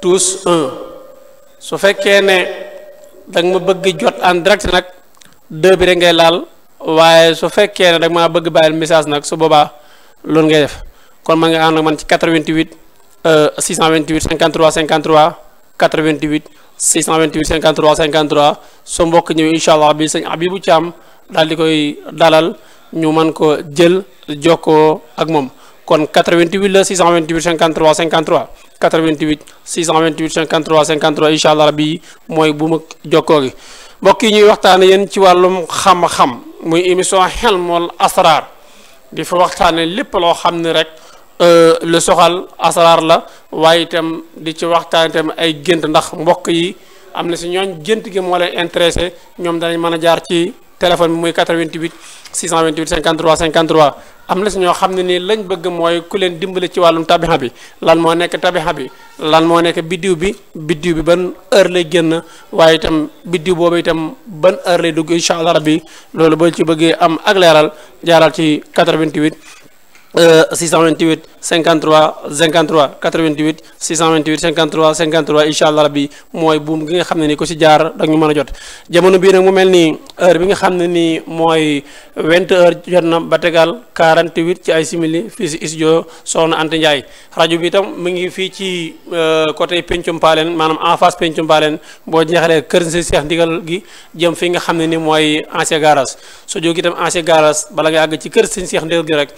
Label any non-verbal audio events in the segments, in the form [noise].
tous su fekkee ne danga ma bëgg jot en direct nag deux bi ngay laal waaye su fekkee ne da maa bëgg bàyyil message nag su boobaa lool ngay def kon man nga ànd ak man ci 88 628 53 53 88 628 53 53 su mbokk ñëwee incha allah bi sëñ Abibu am daal di koy dalal ñu mën ko jël jokkoo ak moom kon 88 la 628 53 53. 88 628 53 53 incha allah rabi mooy bu ma jokkoo gi mbokk yi ñuy waxtaane yéen ci wàllum xam-xam muy émission xelmul asraar di fa waxtaane lépp loo xam ne rek euh, lu soxal asraar la waaye itam di ci waxtaane itam ay gént ndax mbokk yi am na si ñooñ gént gi moo leen intéressé ñoom danañ mën a jaar ci téléphone bi muy 88 628 53 53 am na si ñoo xam ne nii lañ bëgg mooy ku leen dimbale ci wàllum tabixa bi lan moo nekk tabixa bi lan moo nekk biddiw bi biddiw bi ban heure lay génn waaye itam biddiw boobu itam ban heure lay dugg incha allah bi loolu boo ci bëggee am ak leeral jaaral ci 88 628 euh, 53 53 88 628 53 53 incha allah rabbi mooy buum gi nga xam ne ni ku si jaar da ñu mën a jot jamono bii nag mu mel nii heure bi nga xam ne nii mooy 20 heures jot na ba tegal 48 ci ay simili fii si studio Soxna Anta Ndiaye rajo bi itam mu ngi fii ci euh, côté Pencum Paleen maanaam en face Pencum Paleen boo jeexalee kër si Seex ndigal gi jëm fii nga xam ne ni mooy ancien garage soo jóg itam ancien garage bala nga àgg ci kër si Seex ndigal gi rek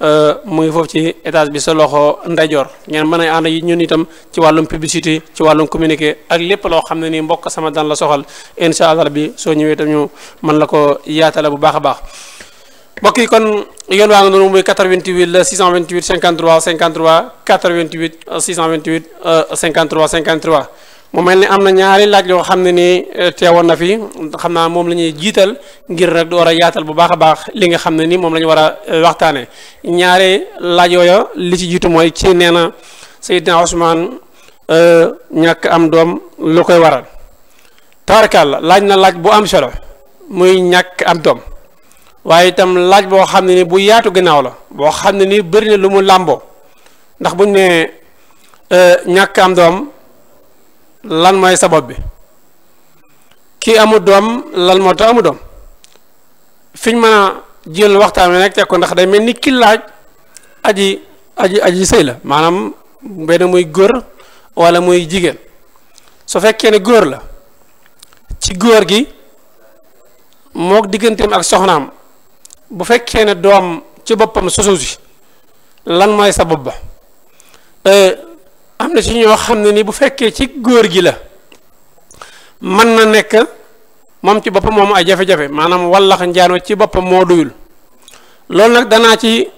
euh, mu ngi message bi sa loxo ndajoor ngeen mën a ànd yi ñun itam ci wàllum publicité ci wàllum communiqué ak lépp loo xam ne ni mbokk sama daan la soxal incha allah bi soo ñëwee itam ñu man la ko yaatale bu baax a baax mbokk yi kon yoon waa nga noonu muy 88 la 628 53 53 88 628 53 53 mu mel ni am na ñaari laaj yoo xam ne nii eh, teewoon na fi xam naa moom la ñuy jiital ngir nag door a yaatal bu baax a baax li nga xam ne nii moom la ñu war a eh, waxtaane ñaari laaj yooya li ci jiitu mooy ci nee na Seydina Ousmane eh, ñàkk am doom lu koy waral tabarkàlla laaj na laaj bu am solo muy ñàkk am doom waaye itam laaj boo xam ne ni bu yaatu ginnaaw la boo xam ne ni bari na lu mu làmboo ndax buñ ne ñàkk am doom lan mooy sabab bi kii amut doom lan moo tax amu doom fiñ mën a jël waxtaan wi nag teg ko ndax day mel ni ki laaj aji aji aji sëy la maanaam benn muy góor walla muy jigéen su fekkee ne góor la ci góor gi mook digganteem ak soxnaam bu fekkee ne doom ci boppam sosu si lan mooy sabab ba eh, am na ci ñoo xam ne nii bu fekkee ci góor gi la mën na nekk moom ci boppam moom ay jafe-jafe maanaam wallax njaano ci boppam moo duyul loolu nag danaa ci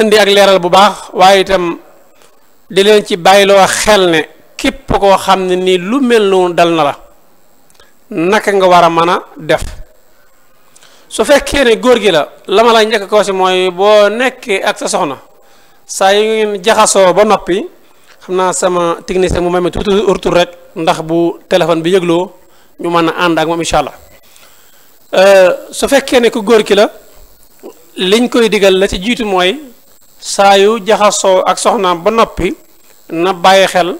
indi ak leeral bu baax waaye itam di leen ci bàyyiloo xel ne képp koo xam ne nii lu mel noonu dal na la naka nga war a mën a def su fekkee ne góor gi la la ma lay njëkk ko si mooy boo nekkee ak sa soxna saa yu ngeen jaxasoo ba noppi xam naa sama technicien mu may ma tuuti retour rek ndax bu téléphone bi yëgloo ñu mën a ànd ak moom incha allah euh, su fekkee ne ku góor ki la liñ koy digal la ci jiitu mooy saa yu jaxasoo ak soxnaam ba noppi na bàyyi xel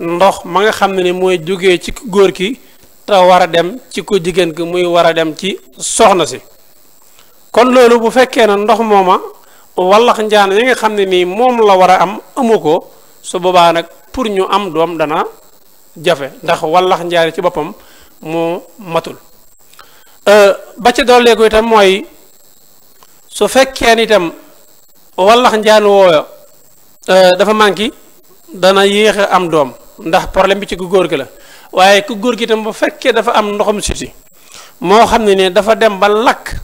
ndox ma nga xam ne ni mooy jógee ci góor ki te war a dem ci jigéen ki muy war a dem ci soxna si kon loolu bu fekkee na ndox mooma wallax njaan yi nga xam ne nii moom la war a am amu ko su boobaa nag pour ñu am doom dana jafe ndax wallax njaari ci boppam mu matul euh, ba ca dolleeku itam mooy su fekkee itam wallax njaan wooyo euh, dafa manqué dana yéex am doom ndax problème bi ci ku góor gi la waaye ku góor gi itam bu fekkee dafa am ndoxum siti moo xam ne ne dafa dem ba lakk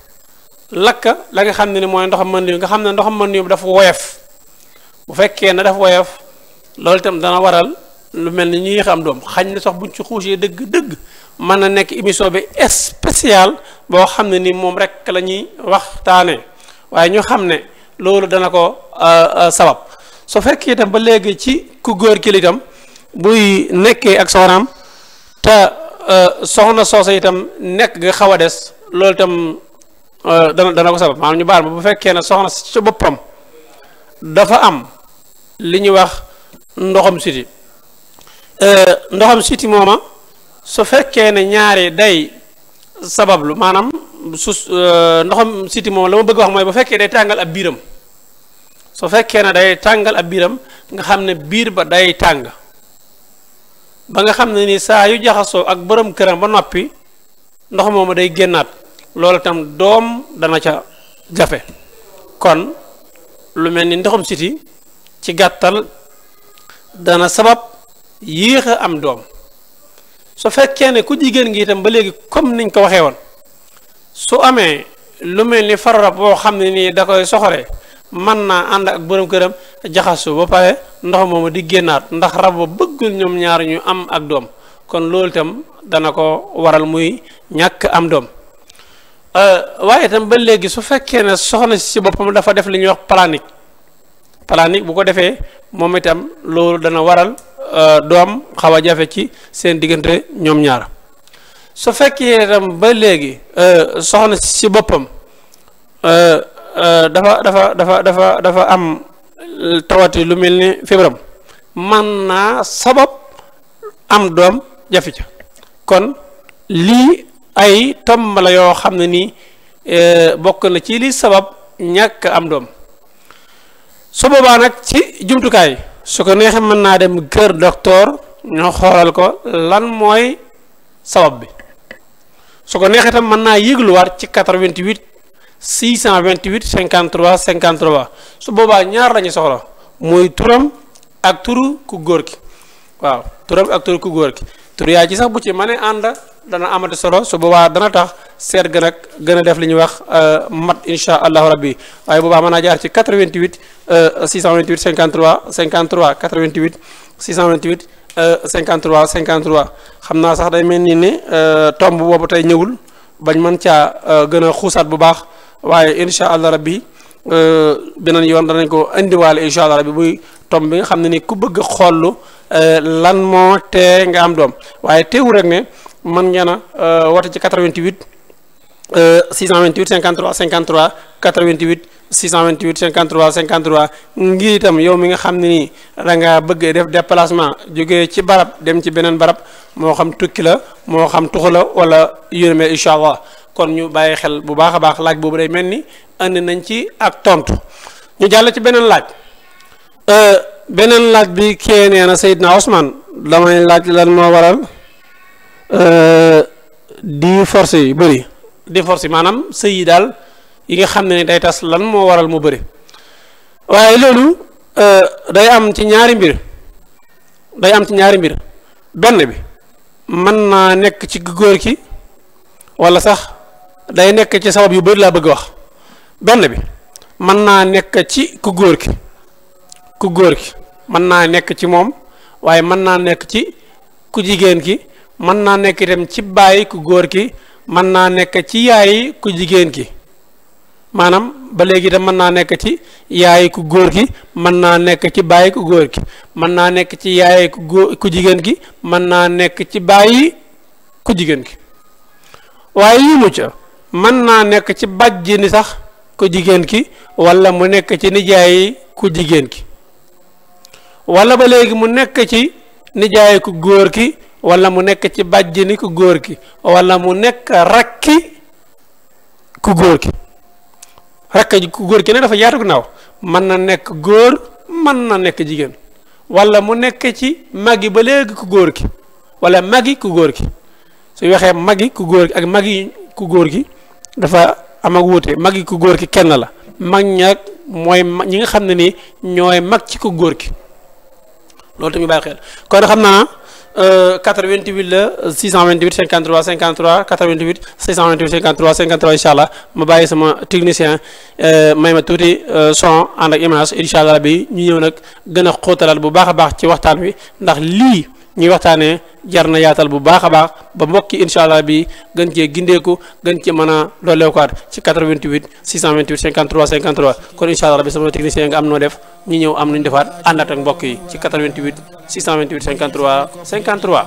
lakk la nga xam ne ni mooy ndoxam mën nga xam ne ndoxam mën dafa woyof bu fekkee ne daf woyof loolu itam dana waral lu mel ni ñuy xam doom xañ na sax buñ ci xuusee dëgg dëgg mën na nekk émission bi spéciale boo xam ne ni moom rek la ñuy waxtaanee waaye ñu xam ne loolu dana ko euh, euh, sabab su fekkee itam ba léegi ci ku góor ki itam buy nekkee ak soxnaam te euh, soxna soosa itam nekk nga xaw a des loolu itam dana dana ko sabab maanaam ñu baal ma bu fekkee ne soxna ci boppam dafa am li ñuy wax. ndoxum siti euh, ndoxam siti mooma su fekkee ne ñaari day sabablu maanaam su euh, ndoxam siti mooma la ma bëgg wax mooy bu fekkee day tàngal ab biiram su fekkee na day tàngal ab biiram nga xam ne biir ba day tàng ba nga xam ne ni saa yu jaxasoo ak borom këram ba noppi ndox moomu day génnaat loolu tam doom dana ca jafe kon lu mel ni ndoxam siti ci gàttal dana sabab yéex a am doom su fekkee ne ku jigéen ngi itam ba léegi comme niñ ko waxee woon su amee lu mel ni farara boo xam ne nii da koy soxore mën naa ànd ak borom këram jaxasu ba pare ndox moomu di génnaat ndax rab ba ñaar ñu am ak doom kon loolu itam dana ko waral muy ñàkk am doom euh, waaye itam ba léegi su fekkee ne soxna si boppam dafa def li ñuy wax planique planique bu ko defee moom itam loolu dana waral euh, doom xaw a jafe ci seen diggante ñoom ñaar su fekkee itam ba léegi euh, soxna si boppam euh, dafa dafa dafa dafa dafa am tawati lu mel ni fibram man naa sabab am doom jafe ca kon lii ay tomb la yoo xam ne nii bokk na ci li sabab ñàkk am doom su boobaa nag ci jumtukaay su ko neexee mën naa dem kër docteur ñoo xoolal ko lan mooy sabab bi su ko neexee tam mën naa yëgluwaat ci 88 628 53 53 su boobaa ñaar lañu soxla mooy turam ak turu ku góor ki waaw turam ak ku góor ki tur ci sax bu ci mënee ànd dana amati solo su boobaa dana tax seet gën a gën a def li ñuy wax euh, mat incha allahu rabbi waaye boobaa mën naa jaar ci 88. 628 53 53 88 628 53 53 xam naa sax day mel ni ne euh, tomb boobu tey ñëwul bañ man caa euh, gën a xuusaat bu baax waaye incha allah rabbi euh, beneen yoon danañ ko indiwaale incha allah buy tomb bi nga xam ne ni ku bëgg a xool lan moo tee nga am doom waaye teewul rek ne mën ngeen a woote ci 88 628 53 53 88. 628 53 53 ngir itam yow mi nga xam ni nii da ngaa bëgg def déplacement jóge ci barab dem ci beneen barab moo xam tukki la moo xam tuxu la wala yónne incha allah kon ñu bàyyi xel bu baax a baax laaj boobu day mel ni andi nañ ci ak tontu ñu jàll ci beneen laaj euh, beneen laaj bi kee nee na Seydina Ousmane damay laaj lan moo waral euh, di force yi bëri di force yi maanaam sëy yi daal. yi nga xam ne day tas lan moo waral mu bari waaye loolu euh, day am ci ñaari mbir day am ñaari mbir benn bi mën naa nekk ci góor ki walla sax day nekk ci sabab yu bëri laa bëgg wax benn bi mën naa nekk ku góor ki ku góor ki mën naa nekk ci moom waaye mën naa nekk ci ku jigéen ki mën naa nekk itam ci baay ku góor ki mën naa nekk ci yaay ku jigéen ki maanaam ba léegi itam mën naa nekk ci yaay ku góor gi mën naa nekk ci baay ku góor gi mën naa nekk ci yaay ku góor ku jigéen gi mën naa nekk ci bàyyi ku jigéen gi waaye yéemu ca mën naa nekk ci bàjjini sax ku jigéen ki wala mu nekk ci nijaay ku jigéen ki wala ba léegi mu nekk ci nijaay ku góor ki wala mu nekk ci bàjjini ku góor ki wala mu nekk rakki ku góor ki rakk ji ku góor ki ne dafa yaatu ginnaaw man na nekk góor mën na nekk jigéen wala mu nekkee ci mag yi ba léegi ku góor ki wala magi ku góor ki su waxee magi ku góor ki ak mag yi ku góor ki dafa am ak wuute magi ku góor ki kenn la mag ña mooy ñi nga xam ne nii ñooy mag ci ku góor ki loolu tamit bàyyi xel kon xam naa. 88 euh, la 628 53 53 88 628 53 53 incha allah ma bàyyi sama technicien euh, may ma tuuti euh, son ànd ak image incha allah bi ñu ñëw nag gën a xóotalaat bu baax a baax ci waxtaan wi ndax lii. ñuy waxtaanee jar na yaatal bu baax a baax ba mbokki incha allah bi gën cee gindeeku gën ci mën a dooleekuwaat ci 88 628 53 53 kon incha allah bi sama technicien nga am noo def ñu ñëw am nuñ defaat àndaat ak mbokk yi ci 88 628 53 53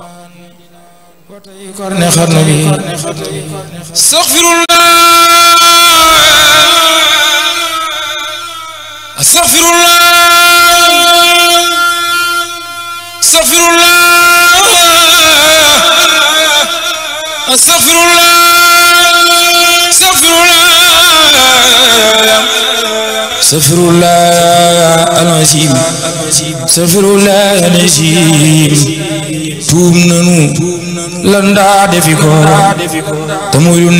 astaghfirullah astaghfirullah safirullah alazim safirullah alazim tuub nanu lan daa defi ko te muy lu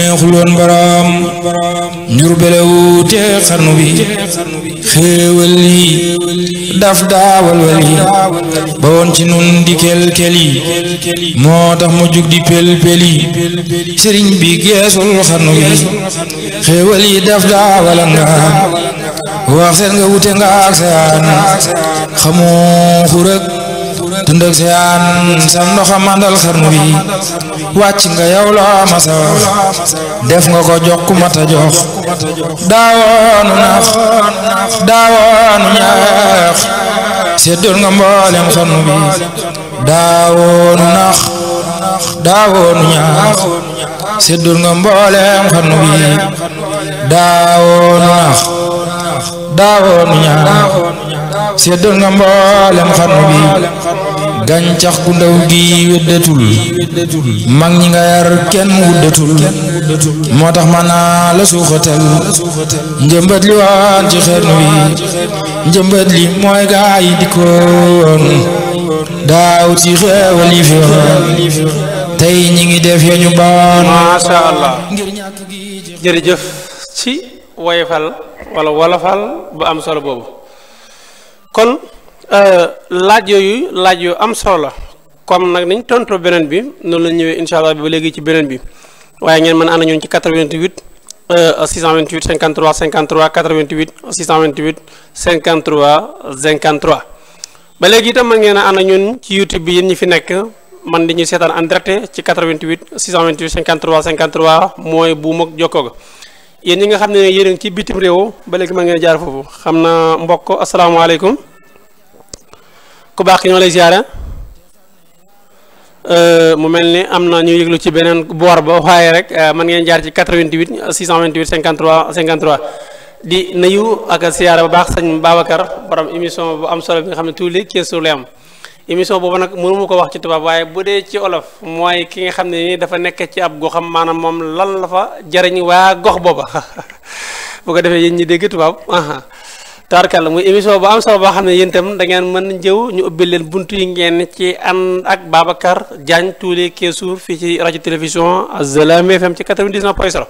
njur belewu te xarnu bi xéewal yi daf daa walwal yi ba ci nun di kel moo tax mu jug di pel-pel bi geesul xarnu bi xéewal yi daf gaawala nga wax seen nga wute nga ak xamu xurëg dundëg seyaan sam ndoxa mandal xarnu bi wàcc nga yow la def nga ko jox ku mata jox daawoonu nax daawoonu ñaax seddoon nga mboolem xarnu bi daawoonu nax daawoonu ñaax nga mboolem xarnu bi daawoonu naax daawoonu ñaax nga mboolem xarnu bi gàncax gu ndaw gi weddatul mag ñi nga yar kenn wuddatul moo tax mën naa la suuxatal njëmbat li waan ci xarnu bi njëmbat li mooy gaa yi dikkoon daaw ci xeewal yi fi woon tey ñi ngi def ya ñu baan. macha allah jërëjëf. si woyofal wala wolofal bu am solo boobu kon euh, laaj yooyu laaj yu am solo la comme nag niñ tonto beneen bi noonu la ñëwee incha allah ba léegi ci beneen bi waaye ngeen mën a ànd ñun ci 88 628 53 53 88 628 53 53 ba léegi itam mën ngeen a ànd ñun ci youtube bi yéen ñi fi nekk man di ñu seetaan en direct ci 88 628 53 53 mooy buuma mag yéen ñi nga xam ne yéen ci bitim réew ba léegi ma ngeen jaar foofu xam naa mbokk asalaamaaleykum ku baax ki ñoo lay ziara euh, mu mel ni am na ñu yëglu ci beneen boor ba waaye rek euh, man ngeen jaar ci 88 628 53 53 di nuyu ak ziara bu baax sëñ Babacar borom émission bu am solo bi nga xam ne tous les 15 jours am. émission boobu nag mënu ma ko wax ci tubaab waaye bu dee ci olof mooy ki nga xam ne ni dafa nekk ci ab goxam maanaam moom lan la fa jariñ waa gox booba [laughs] boo ko defee yéen ñi dégg tubaab taarkàlla muy émission ba am solo boo xam ne yéen itam da ngeen mën njëw ñu ubbil leen buntu yi ngeen ci ànd ak Babacar Diagne tous les 15 jours fii ci rajo télévision Assalaamy FM ci 99 point 0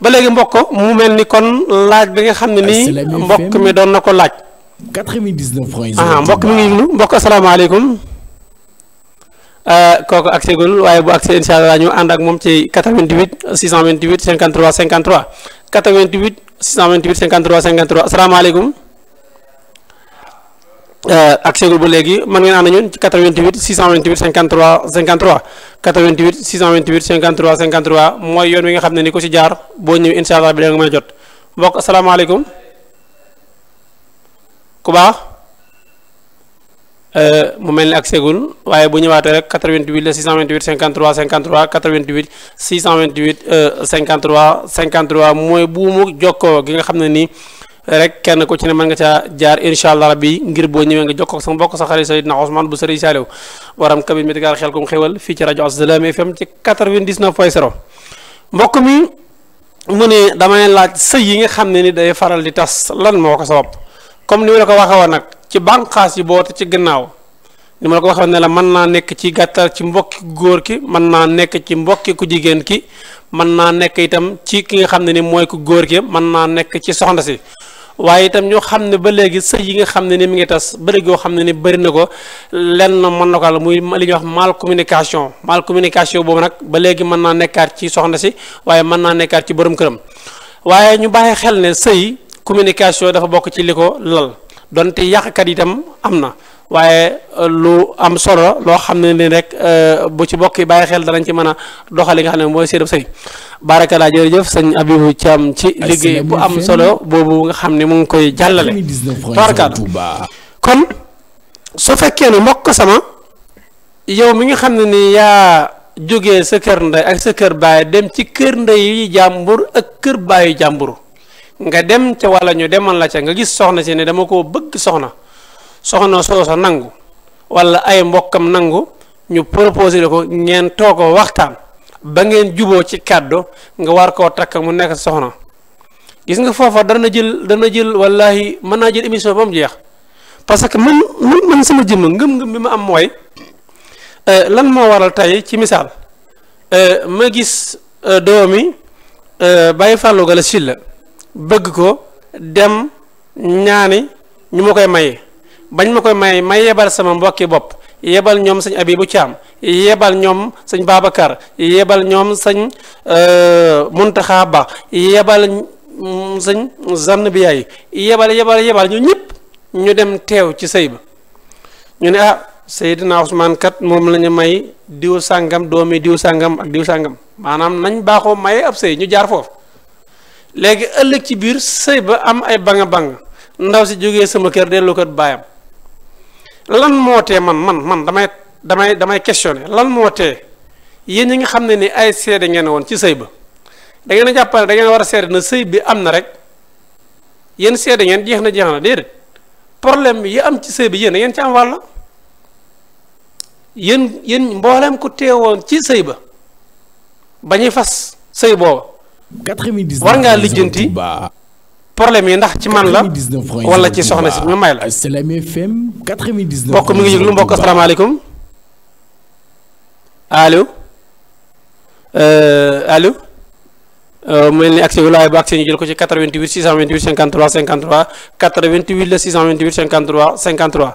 ba léegi mbokk mu mel ni kon laaj bi nga xam ne nii mbokk mi doon na ko laaj 99 point 0. mbokk mi ngi ñu mbokk asalaamaaleykum euh, kooku accès waaye bu accès incha allah ñu ànd ak moom ci 88 628 53 53 88 628 53 53 asalaamaaleykum euh, accès gul ba léegi mën ngeen na ñun ci 88 628 53 53 88 628 53 53 mooy yoon wi nga xam ne ni ko si jaar boo ñëwee incha allah bi da nga jot mbokk asalaamaaleykum. ku baax euh, mu mel ni ak segul waaye bu ñëwaatee rek 88 la 628 53 53 88 628 53 53 mooy buumu jokkoo gi nga xam ne nii rek kenn ku ci ne mën nga caa jaar incha allah rabbi ngir boo ñëwee nga jokkoo ak sama mbokk sa xarit Seydina Ousmane bu Serigne Saliou waram cabine médicale xel kum xewal fii ci rajo Assalaamy FM ci 99.0 mbokk mi mu ne damay laaj sëy yi nga xam ne ni day faral di tas lan moo ko sabab. comme ni ma la ko waxee woon nag ci bànqaas yi boote ci gannaaw ni ma la ko waxee ne la man naa nekk ci gàttal ci mbokki góor ki mën naa nekk ci mbokki ku jigéen ki mën naa nekk itam ci ki nga xam ne ni mooy ku góor ki mën naa nekk ci soxna si waaye itam ñoo xam ne ba léegi sëy yi nga xam ne ni mi ngi tas ba léegi yoo xam ne ni bëri na ko lenn mën na ko àll muy li ñu wax mal communication mal communication boobu nag ba léegi mën naa nekkaat ci soxna si waaye mën naa nekkaat ci boroom këram waaye ñu bàyyi xel ne sëy communication dafa bokk ci li ko lal donte yàqkat itam am na waaye euh, lu am solo loo xam ne ni rek euh, bu ci bokk yi bàyyi xel danañ ci mën a doxali nga xam ne mooy séedab sëy barakalaa jërëjëf sëñ Abibou Thiam ci liggéey bu am solo boobu nga xam ne mu ngi koy jàllale tabarkaala kon su fekkee ne mbokk sama yow mi nga xam ne ni yaa jógee sa kër ndey ak sa kër baay dem ci kër ndey yi jàmbur ak kër bàyyi jàmbur nga dem ca wala ñu demal la ca nga gis soxna si ne dama koo bëgg soxna soxna soo sa nangu walla ay mbokkam nangu ñu proposé la ko ngeen too waxtaan ba ngeen juboo ci kàddu nga war koo takk mu nekk soxna gis nga foofa dana jël dana jël wallahi mën naa jël émission ba mu jeex parce que man man sama jëmm ngëm-ngëm bi ma am mooy euh, lan moo waral tey ci misaal euh, ma gis euh, doomi bàyyi fàllu gala silla bëgg ko dem ñaani ñu ma koy maye bañ ma koy maye may yebal sama mbokki bopp yebal ñoom sañ sëñ Abibu Caam yebal ñoom sëñ Babacar yebal ñoom sëñ euh, Muntaxa Ba yebal sëñ zann bi yaay yebal yebal yebal ñu ñëpp ñu dem teew ci sëy ba ñu ne ah Seydina Ousmane kat moom lañu ñu may diw sàngam doomi diw sàngam ak diw sàngam maanaam nañ baaxoo maye ab sëy ñu jaar foofu léegi ëllëg ci biir sëy ba am ay banga banga ndaw si jógee sama kër dellu kër baayam lan moo tee man man man damay damay damay questionné lan moo tee yéen ñi nga xam ne ni ay seede ngeen woon ci sëy ba dangeen ngeen a war a sedd na sëy bi am na rek yéen seede ngeen jeex na jeex na déedéet problème yi am ci sëy bi yéen da ngeen ci am wàll yéen yéen mbooleem ku teewoon ci sëy ba ba ñuy fas sëy booba 99 war ngaa lijjanti problème yi ndax ci man la wala ci soxna si ñu may la. Salam FM 99. mbokk mi ngi yëg lu mbokk asalaamaaleykum allo euh, allo. Euh, mel ni accès wulaay ba accès ñu jël ko ci 88 628 53 53 88 la 628 53 53.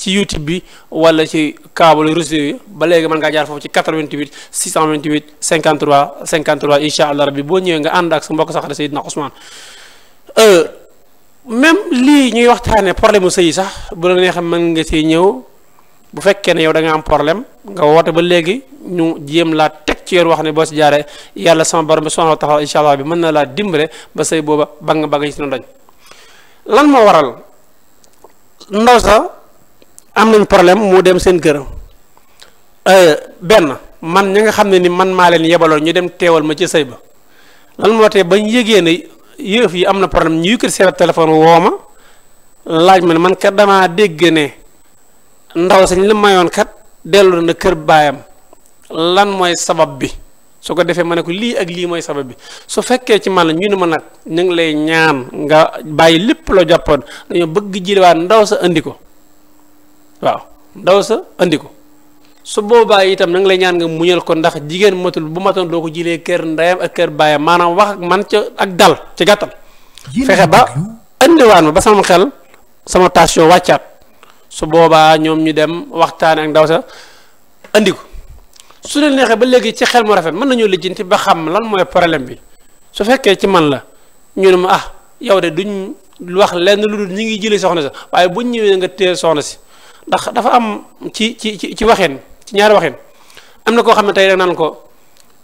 ci youtube bi wala ci kaabalu réseau yi ba léegi mën ngaa jaar foofu ci 88 628 53 53 incha allah rabbi boo ñëwee nga ànd ak sa mbokk saxare Seydina Ousmane euh, même lii ñuy waxtaanee problème mu sëy sax bu la neexee mën nga si ñëw bu fekkee ne yow da nga am problème nga woote ba léegi ñu jéem laa teg ci yoon wax ne boo si jaaree yàlla sama borom bi subhanahu wa taala bi mën na laa dimbale ba sëy booba ba nga ba nga ci na doñ am nañ problème mu dem seen kër euh, benn man ñi nga xam ne ni man maa leen yebaloon ñu dem teewal ma ci sëy ba lan moo ba bañ yëgee ne yëf yi am na problème ñu kër seen téléphone woo ma laaj ma ne man kat damaa dégg ne ndaw sañ la mayoon kat dellu na kër baayam lan mooy sabab bi su ko defee ma ne ko lii ak lii mooy sabab bi su fekkee ci man la ñu ne ma nag ñu ngi lay ñaan nga bàyyi lépp la jàppoon dañoo bëgg jiliwaat ndaw sa indi ko waaw ndaw sa andi ko su boobaa itam na nga lay ñaan nga muñal ko ndax jigéen matul bu matoon doo ko jilee kër ndeyam ak kër baayam maanaam wax ak man ca ak dal ci gàttal fexe ba andiwaan ma ba sama xel sama tension wàccaat su boobaa ñoom ñu dem waxtaan ak ndaw sa andi ko su leen neexee ba léegi ci xel mu rafet mën nañoo lijjanti ba xam lan mooy problème bi su fekkee ci man la ñu ne ma ah yow de lu wax lenn lu dul ñu ngi jëlee soxna sa waaye buñ ñëwee nga téye soxna si ndax dafa am ci ci ci ci waxeen ci ñaari waxin am na koo xam ne tey rek naan ko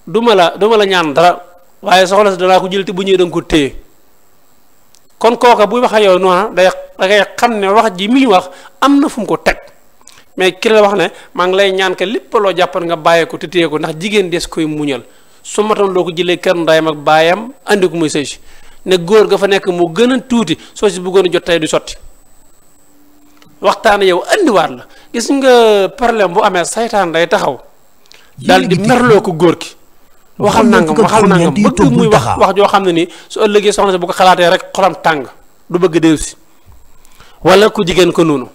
du ma la du ma la ñaan dara waaye soxla si danaa ko jël te bu ñëwee da ko téye kon kooka buy wax ak yow noonu day da xam ne wax ji muy wax am na fu mu ko teg mais ki la wax ne maa ngi lay ñaan ke lépp loo jàppoon nga bàyyee ko te ko ndax jigéen des koy muñal su matoon loo ko jëlee kër ndayam ak baayam andi ko muy sëy si ne góor ga fa nekk mu gën a tuuti soo si bëggoon a jot tey du sotti. waxtaan yow andiwaat la gis nga problème bu amee saytaan day taxaw dal di merloo ko góor ki waxal nangam waxal nangam bëgg muy wax wax joo xam ne ni su ëllëgee soxna si bu ko xalaatee rek xolam tàng du bëgg déew si walla ku jigéen ko noonu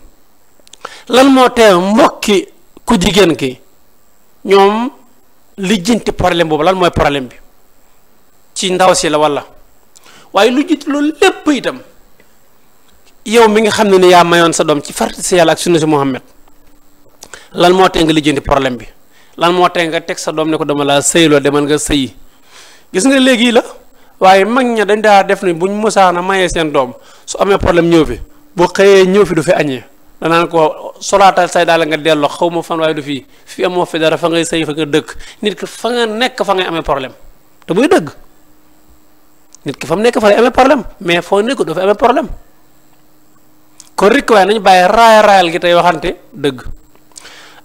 lan moo tee mbokki ku jigéen ki ñoom lijjanti problème boobu lan mooy problème bi ci ndaw si la walla waaye lu jiit loolu lépp itam yow mi nga xam ne ne yaa mayoon sa doom ci farti si yàlla ak sunna si Muhammad lan moo tee nga lijjanti problème bi lan moo tee nga teg sa doom ne ko dama laa sëyloo demal nga sëyi gis nga léegi la waaye mag ña dañ daa def ne buñ musaana mayee seen doom su amee problème ñëw fi bu xëyee ñëw fi du fi añee danaan ko solaatal say daal nga delloo xaw ma fan waaye du fii fi amoo fi dara fa ngay sëy fa nga dëkk nit ki fa nga nekk fa ngay amee problème te muy dëgg nit ki fa mu nekk fa lay mais foo nekk du problème kon rikk waaye nañu bàyyi raaya raayal gi tey waxante dëgg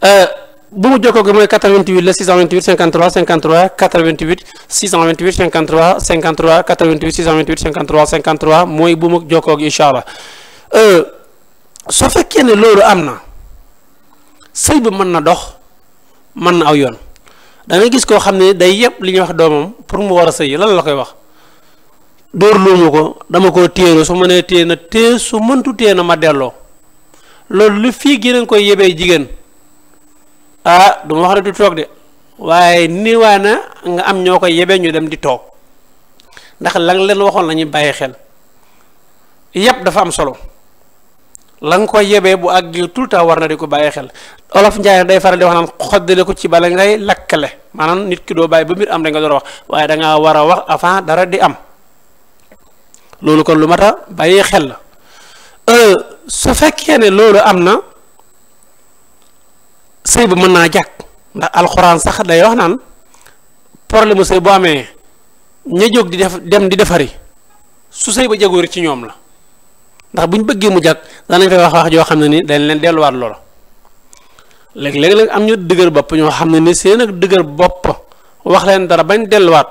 euh, bu mu jokkoo gi mooy 88 la 628 53 53 88 628 53 53 88 628 53 53 mooy bu mu jokkoo gi euh, soo fekkee ne loolu am na sëy ba mën na dox mën na aw yoon da gis koo xam ne day yëpp li ñuy wax doomam pour mu war a sëy lan la koy wax dóor luuma ko dama ko téeroo su ma nee téye na téye su mëntu téye na ma delloo loolu lu fii gi nañ koy yebee jigéen ah du ma wax ne du toog de waaye niwaa na nga am ñoo koy yebee ñu dem di toog ndax lan leen waxoon la bàyyi xel yëpp dafa am solo lan nga koy yebee bu àgg tout le temps war na di ko bàyyi xel olof Njaay day faral di wax naan xoddale ko ci bala ngay lakkale maanaam nit ki doo bàyyi ba mbir am da nga door a wax waaye da war a wax avant dara di am loolu kon lu mat a bàyyi xel la euh, su fekkee ne loolu am na sëy ba mën naa jàkk ndax alxuraan sax day wax naan problème mu sëy boo amee ña jóg di def dem di defari su sëy ba jagoor ci ñoom la ndax bu ñu bëggee mu jàkk danañ fay wax wax joo xam ne ni dañ leen delluwaat loola léegi léeg nag am ñu dëgër bopp ñoo xam ne ni seen ak dëgër bopp wax leen dara bañ delluwaat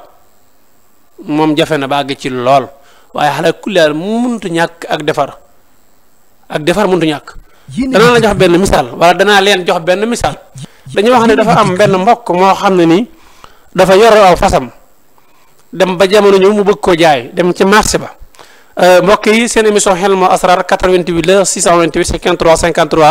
moom jafe na ba àgg ci lool waaye xale kulliyaal muntu ñàkk ak defar ak defar mënut ñàkk. danaa la jox benn misaal wala danaa leen jox benn misaal. dañoo wax ne dafa am benn mbokk moo xam ne nii dafa yor aw fasam dem ba jamono ñëw mu bëgg koo jaay dem ci marché ba. Euh, mbokk yi seen émission xel moo asrar 88 la 628 53 53.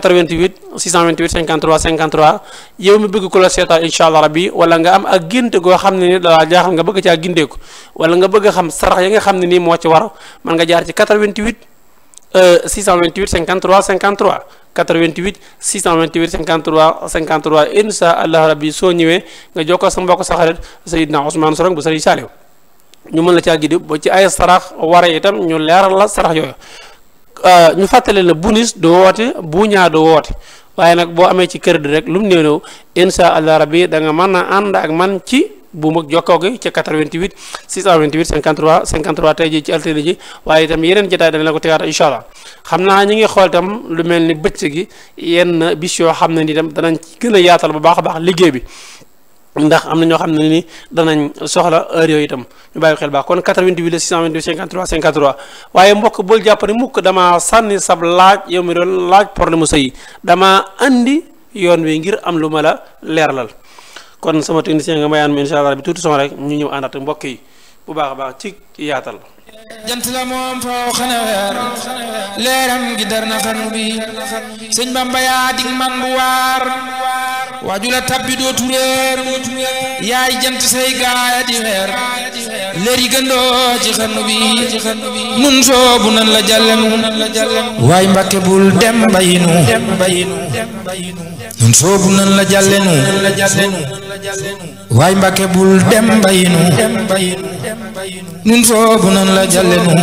88 628 53 53 yow mi bëgg ku la seetaan incha allah rabbi wala nga am ak gént goo xam ne ni dalaa jaaxal nga bëgg caa gindeeku wala nga bëgg xam sarax yi nga xam ne nii moo ci war mën nga jaar ci 88 628 53 53 88 628 53 53 incha allah rabbi soo ñëwee nga jokkoo sa mbokk sa xarit Seydina Ousmane Sorong bu Serigne Saliou ñu mën la caa gindi ba ci ay sarax itam ñu leeral la sarax yooyu. Euh, ñu fàttale na bunis du woote bu ñaa du woote waaye nag boo amee ci kër crédit rek lu mu néew néew insha allah rabbi da nga mën a ànd ak man ci bu mag jokkoo gi ci 88 628 53 53 tey jii ci altine ji waaye tam yeneen jotaay dana la ko tegaat incha allah xam naa ñu ngi xool itam lu mel ni bëcc gi yenn bis yoo xam ne ni itam danañ gën a yaatal bu baax a baax liggéey bi ndax am na ñoo xam ne ni danañ soxla heure yooyu itam ñu bàyyi xel baax kon 88 la 628 53 53 waaye mbokk bul jàpp ne mukk dama sànni sab laaj yow mi doon laaj problème mu sëy dama indi yoon wi ngir am lu ma la leeralal kon sama technicien nga mayaan ma incha allah bi tuuti son rek ñu ñëw àndaat mbokk yi bu baax a baax ci yaatal jant la moom faw xana leeram gi na xarnu bi sëñ Bamba yaa dig man bu waar tabbi dootu réer yaay jant say gaaya di weer léeri gëndoo ci xarnu bi nun soobu nan la jàllenu waay Mbàkke bul dem bayinu nun soobu nan la jàllenu waay Mbàkke bul dem bayinu nun soobu nan la jalle nu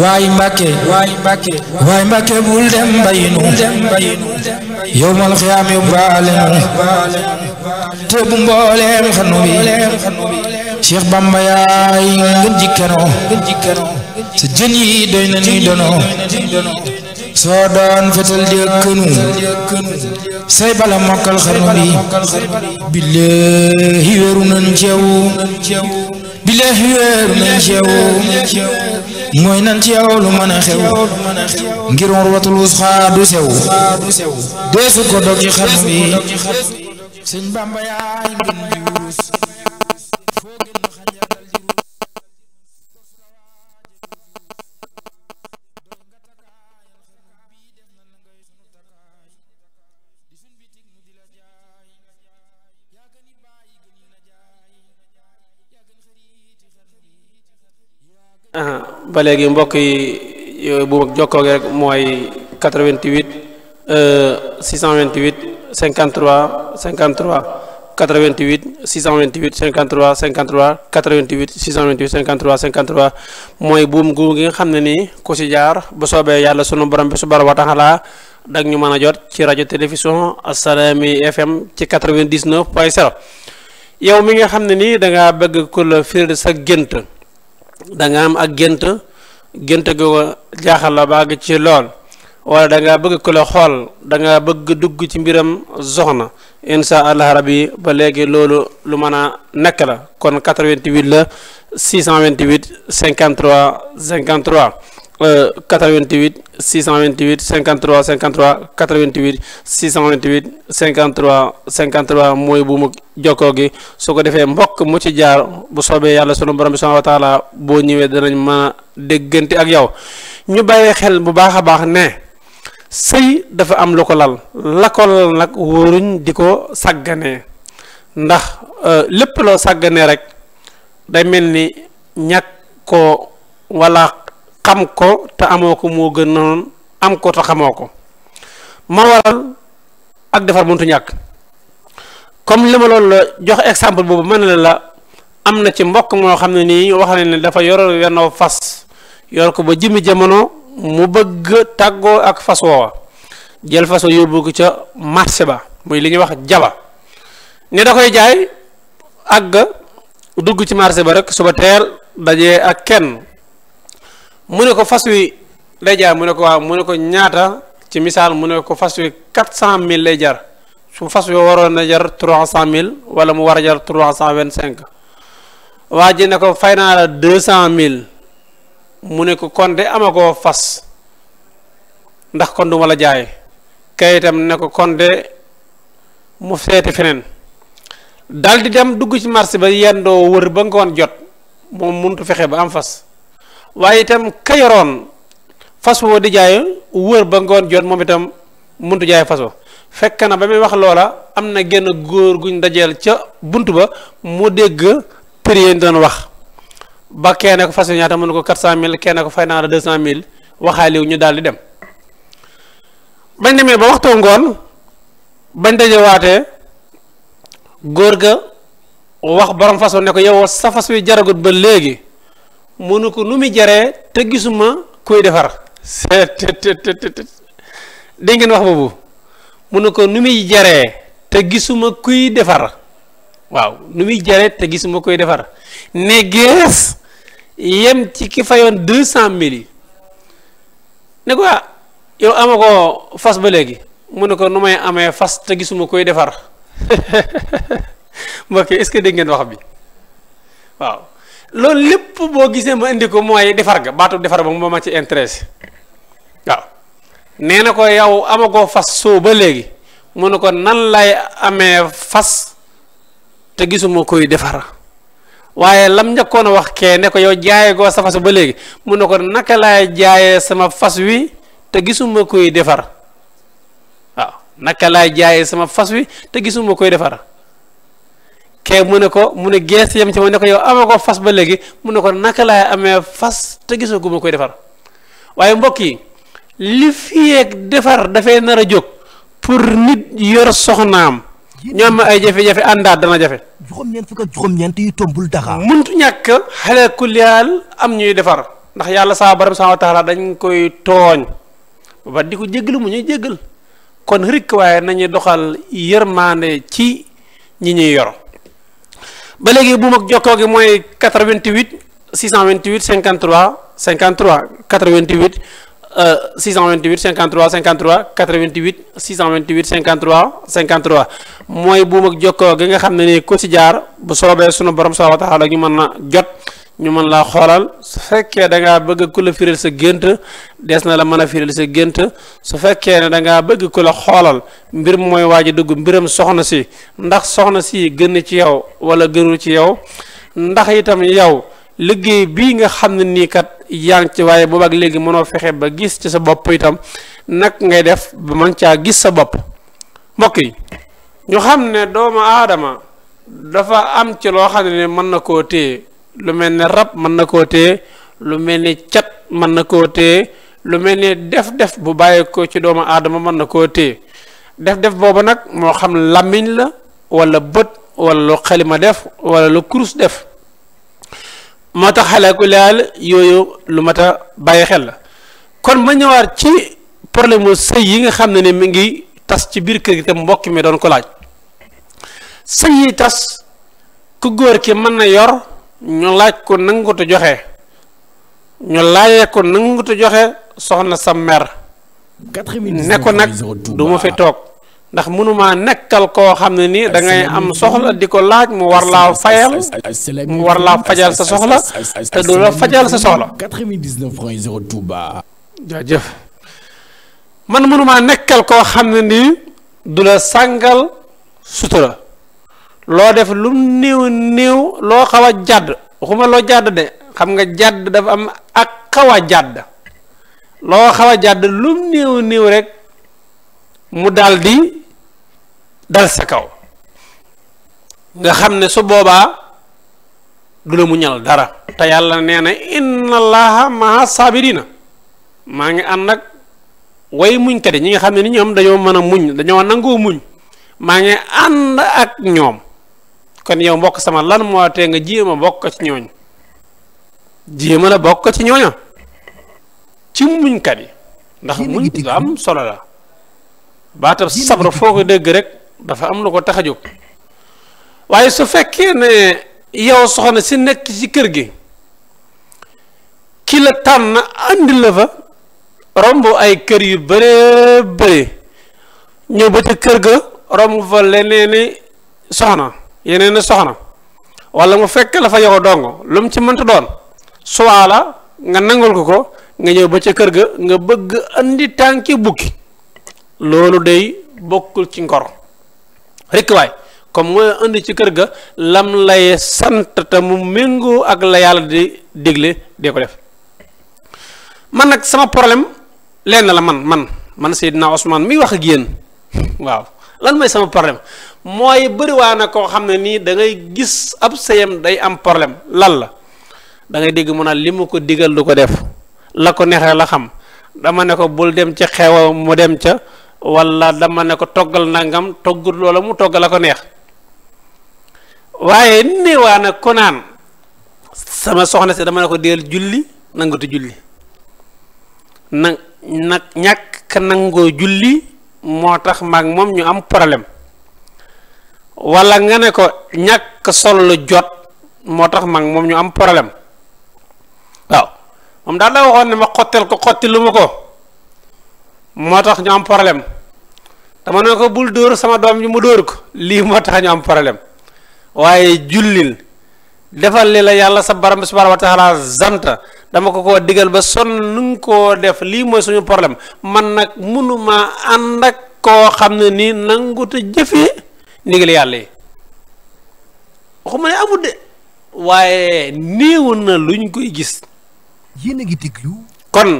waay Mbàkke waay Mbàkke waay Mbàkke bul dem bayinu yow mal xiyaam yow baale te bu mbooleem xanu bi Cheikh Bamba yaay ngën ji kenoo sa jën yi doy na ni dono soo doon fetal jëkkënu say bala mokkal xarnu bi billaahi wéeru nañ ci mooy nan ci lu mën a xew ngir urwatul wusxaa du sew deesu ko dog ci xarnu bi sëñ Bamba yaay ba léegi mbokk yi bu mag jokkoo rek mooy 88 628 53 53 88 628 53 53 88 628 53 53 mooy buum gu gi xam ne ni ku jaar bu soobee yàlla sunu borom bi subhaanahu wa taala dag ñu mën jot ci rajo télévision Assalaamy FM ci 99 point 0 yow mi nga xam ne nii da ngaa bëgg ku la firi sa gént da nga am ak gént gént googu jaaxal la baag ci lool wala da ngaa bëgg ku la xool da ngaa bëgg dugg ci mbiram na insha allah rabbi ba léegi loolu lu mën a nekk la kon 88 la 628 53 53 88 628 53 53 88 628 53 53 mooy bu mu jokkoo gi su ko defee mbokk mu ci jaar bu soobee yàlla sunu borom bi subhanahu wa taala boo ñëwee danañ mën déggante ak yow ñu bàyyi xel bu baax a baax ne sëy dafa am lu ko lal la ko lal nag wóoruñ di ko sàgganee ndax euh, lépp loo sàgganee rek day mel ni ñàkk ko wala xam ko te amoo ko moo gën noonu am ko te xamoo ko ma waral ak defar muntu ñàkk comme li ma loolu la jox exemple boobu mën na la am na ci mbokk moo xam ne nii wax ne ne dafa yoro wenoo fas yor ko ba jimmi jamono mu bëgg tàggoo ak fas woowa jël fas wa yóbbu ko ca marché ba muy li ñuy wax jaba ne da koy jaay àgg dugg ci marché ba rek suba teel dajee ak kenn mu ne ko fas wi lay jaar mu ne ko waaw mu ne ko ñaata ci misaal mu ne ko fas wi quatre cent mille lay jar su fas wi waroon na jar trois cent mille wala mu war a jar trois cent vingt cinq waa ji ne ko fay naa la deux cent mille mu ne ko kon de ama koo fas ndax kon du ma la jaay kayitam ne ko kon de mu seete feneen dal di dem dugg ci marché ba yendoo wër ba ngoon jot moom muntu fexe ba am fas waaye itam ka fas woo di jaay wër ba ngoon jot moom itam muntu jaay fas wa fekk na ba muy wax loola am na genn góor guñ dajeel ca bunt ba mu dégg prix yi doon wax ba kenn ko fas wi ñaata mënu ko 400000 kenn ko fay naa la 200000 waxaaliw ñu daal di dem bañ demee ba waxtoo ngoon bañ dajewaatee góor ga wax borom fas wa ne ko yow sa fas wi jaragut ba léegi. mu ne ko nu muy jaree te gisuma koy defar [laughs] dégg ngeen wax boobu mu ne ko nu muy jaree te gisuma kuy defar waaw nu muy jaree te gisuma koy defar ne gees yem ci ki fayoon deux cent mille yi ne ko ah yow ama ko fas ba léegi mu ne ko nu may amee fas te gisuma koy defar [laughs] mbokk est-ce que dégg ngeen wax bi waaw loolu lépp boo gisee ma indi ko mooy defar ga baatu defar ba moo ma ci intéressé waaw nee na ko yow amagoo fas soo ba léegi mu ne ko nan lay amee fas te gisuma koy defar waaye lam njëkkoon a wax kee ne ko yow jaayee goo sa ba léegi mu ne ko naka laay jaayee sama fas wi te gisuma koy defar waaw naka laay jaayee sama fas wi te gisuma koy defar kee mu ne ko mu ne gees yam ci ma ne ko yow ko fas ba léegi mu ne ko naka laay amee fas te gisoo gu koy defar waaye mbokk yi li fiyeeg defar dafay nar a jóg pour nit yor soxnaam ñoom ay jafe-jafe àndaat dana jafe. juróom-ñeent fukk tombul dara. muntu ñàkk xale ku liyaal am ñuy defar ndax yàlla saa baram saa wa taala dañ koy tooñ ba di ko jéggal mu ñuy jéggal kon rikk waaye nañu doxal yërmaande ci ñi ñuy yor. ba léegi bu mag jokkoo gi mooy 88 628 53 53 88 628 53 53 88 628 53 53 mooy bu mag jokkoo gi nga xam ne nii ku ci jaar bu soobee sunu borom subhaanahu wa taala ñu mën na jot. ñu mën laa xoolal su fekkee da bëgg ku la firil sa gént des na la mën a firil sa gént su fekkee ne da ngaa bëgg ku la xoolal mbir mooy waaj a dugg mbiram soxna si ndax soxna si gën ci yow wala gënul ci yow ndax itam yow liggéey bii nga xam ne nii kat yaa ngi ci waaye boobaak léegi mënoo fexe ba gis ci sa bopp itam nag ngay def ba mën caa gis sa bopp mbokk yi ñu xam ne doomu aadama dafa am ci loo xam ne mën na koo téye lu mel ni rab mën na koo téye lu mel ni cat mën na koo téye lu mel ni def-def bu bàyyi ko ci doomu aadama mën na koo téye def-def boobu nag moo xam làmmiñ la walla bët wala lu xalima def walla lu kurus def moo tax xale ku laal yooyu lu mat a bàyyi xel la kon ma ñëwaat ci problème mu sëy yi nga xam ne ne mi ngi tas ci biir kër gi te mbokk mi doon ko laaj sëy yi tas ku góor ki mën na yor. ñu laaj ko nangutu joxe ñu laajee ko nangutu joxe soxna sa mer ne ko nag du ma fi toog ndax mënuma nekkal koo xam ne nii da ngay am soxla di ko laaj mu war laa fayal mu war laa fajal sa soxla te du la fajal sa soxla. jaajëf man mënuma nekkal koo xam ne nii du la sàngal sutura. loo def lu néew néew loo xaw a jàdd waxuma loo jàdd de xam nga jàdd dafa am ak xaw jàdd loo xaw a jàdd lu néew néew rek mu dal di dal sa kaw nga xam ne su boobaa du la mu ñal dara te yàlla nee na inna allaha maa sabirina maa ngi ànd ak way muñ kat yi ñi nga xam ne ni ñoom dañoo mën a muñ dañoo nangoo muñ maa ngi ànd ak ñoom kon yow mbokk sama lan moo tee nga jéema bokk ci ñooñ jéema la bokk ci ñooña ci muñkat yi ndax muñ lu am solo la baatab sabra foo ko dégg rek dafa am lu ko tax a jóg waaye su fekkee ne yow soxna si nekk ci kër gi ki la tànn andi la fa romb ay kër yu bëree bëri ñëw ba ca kër ga romb fa leneeni soxna yeneen i soxna wala mu fekk la fa yow dong lu mu ci mënta doon suwaa la nga nangul ko ko nga ñëw ba ca kër ga nga bëgg andi tànki bukki loolu day bokkul ci ngor rekk waay comme mooy indi ci kër ga lam lay sant te mu méngoo ak la yàlla di dégle dee ko def man nag sama problème lenn la man man man Seydina Ousmane mi wax ak waaw lan mooy sama problème mooy bëriwaana koo xam ne nii dangay gis ab sëyam day am problème lal la dangay dégg mu naan li mu ko digal du ko def la ko neexee la xam dama ne ko bul dem ca xew mu dem ca wala dama ne ko toggal nangam toggut loola mu toggal la ko neex waaye néewaana ko naan sama soxna si dama ne ko deel julli nangatu julli na nag ñàkk nangoo julli moo tax maag moom ñu am problème wala nga ne ko ñàkk sol lu jot moo tax mag moom ñu am problème waaw moom daal la waxoon ne ma xottel ko xotti lu ma ko moo tax ñu am problème dama ne ko bul dóor sama doom ji mu dóor ko lii moo tax ñu am problème waaye jullil defal li la yàlla sa baram subhanahu wa taala dama ko koo digal ba sonn nu nga koo def lii mooy suñu problème man nag mënuma ànd ak koo xam ne nii nangu te jëfee ndigal yàlla yi waxuma ne amut de waaye néewoon na luñ koy gis yéen a kon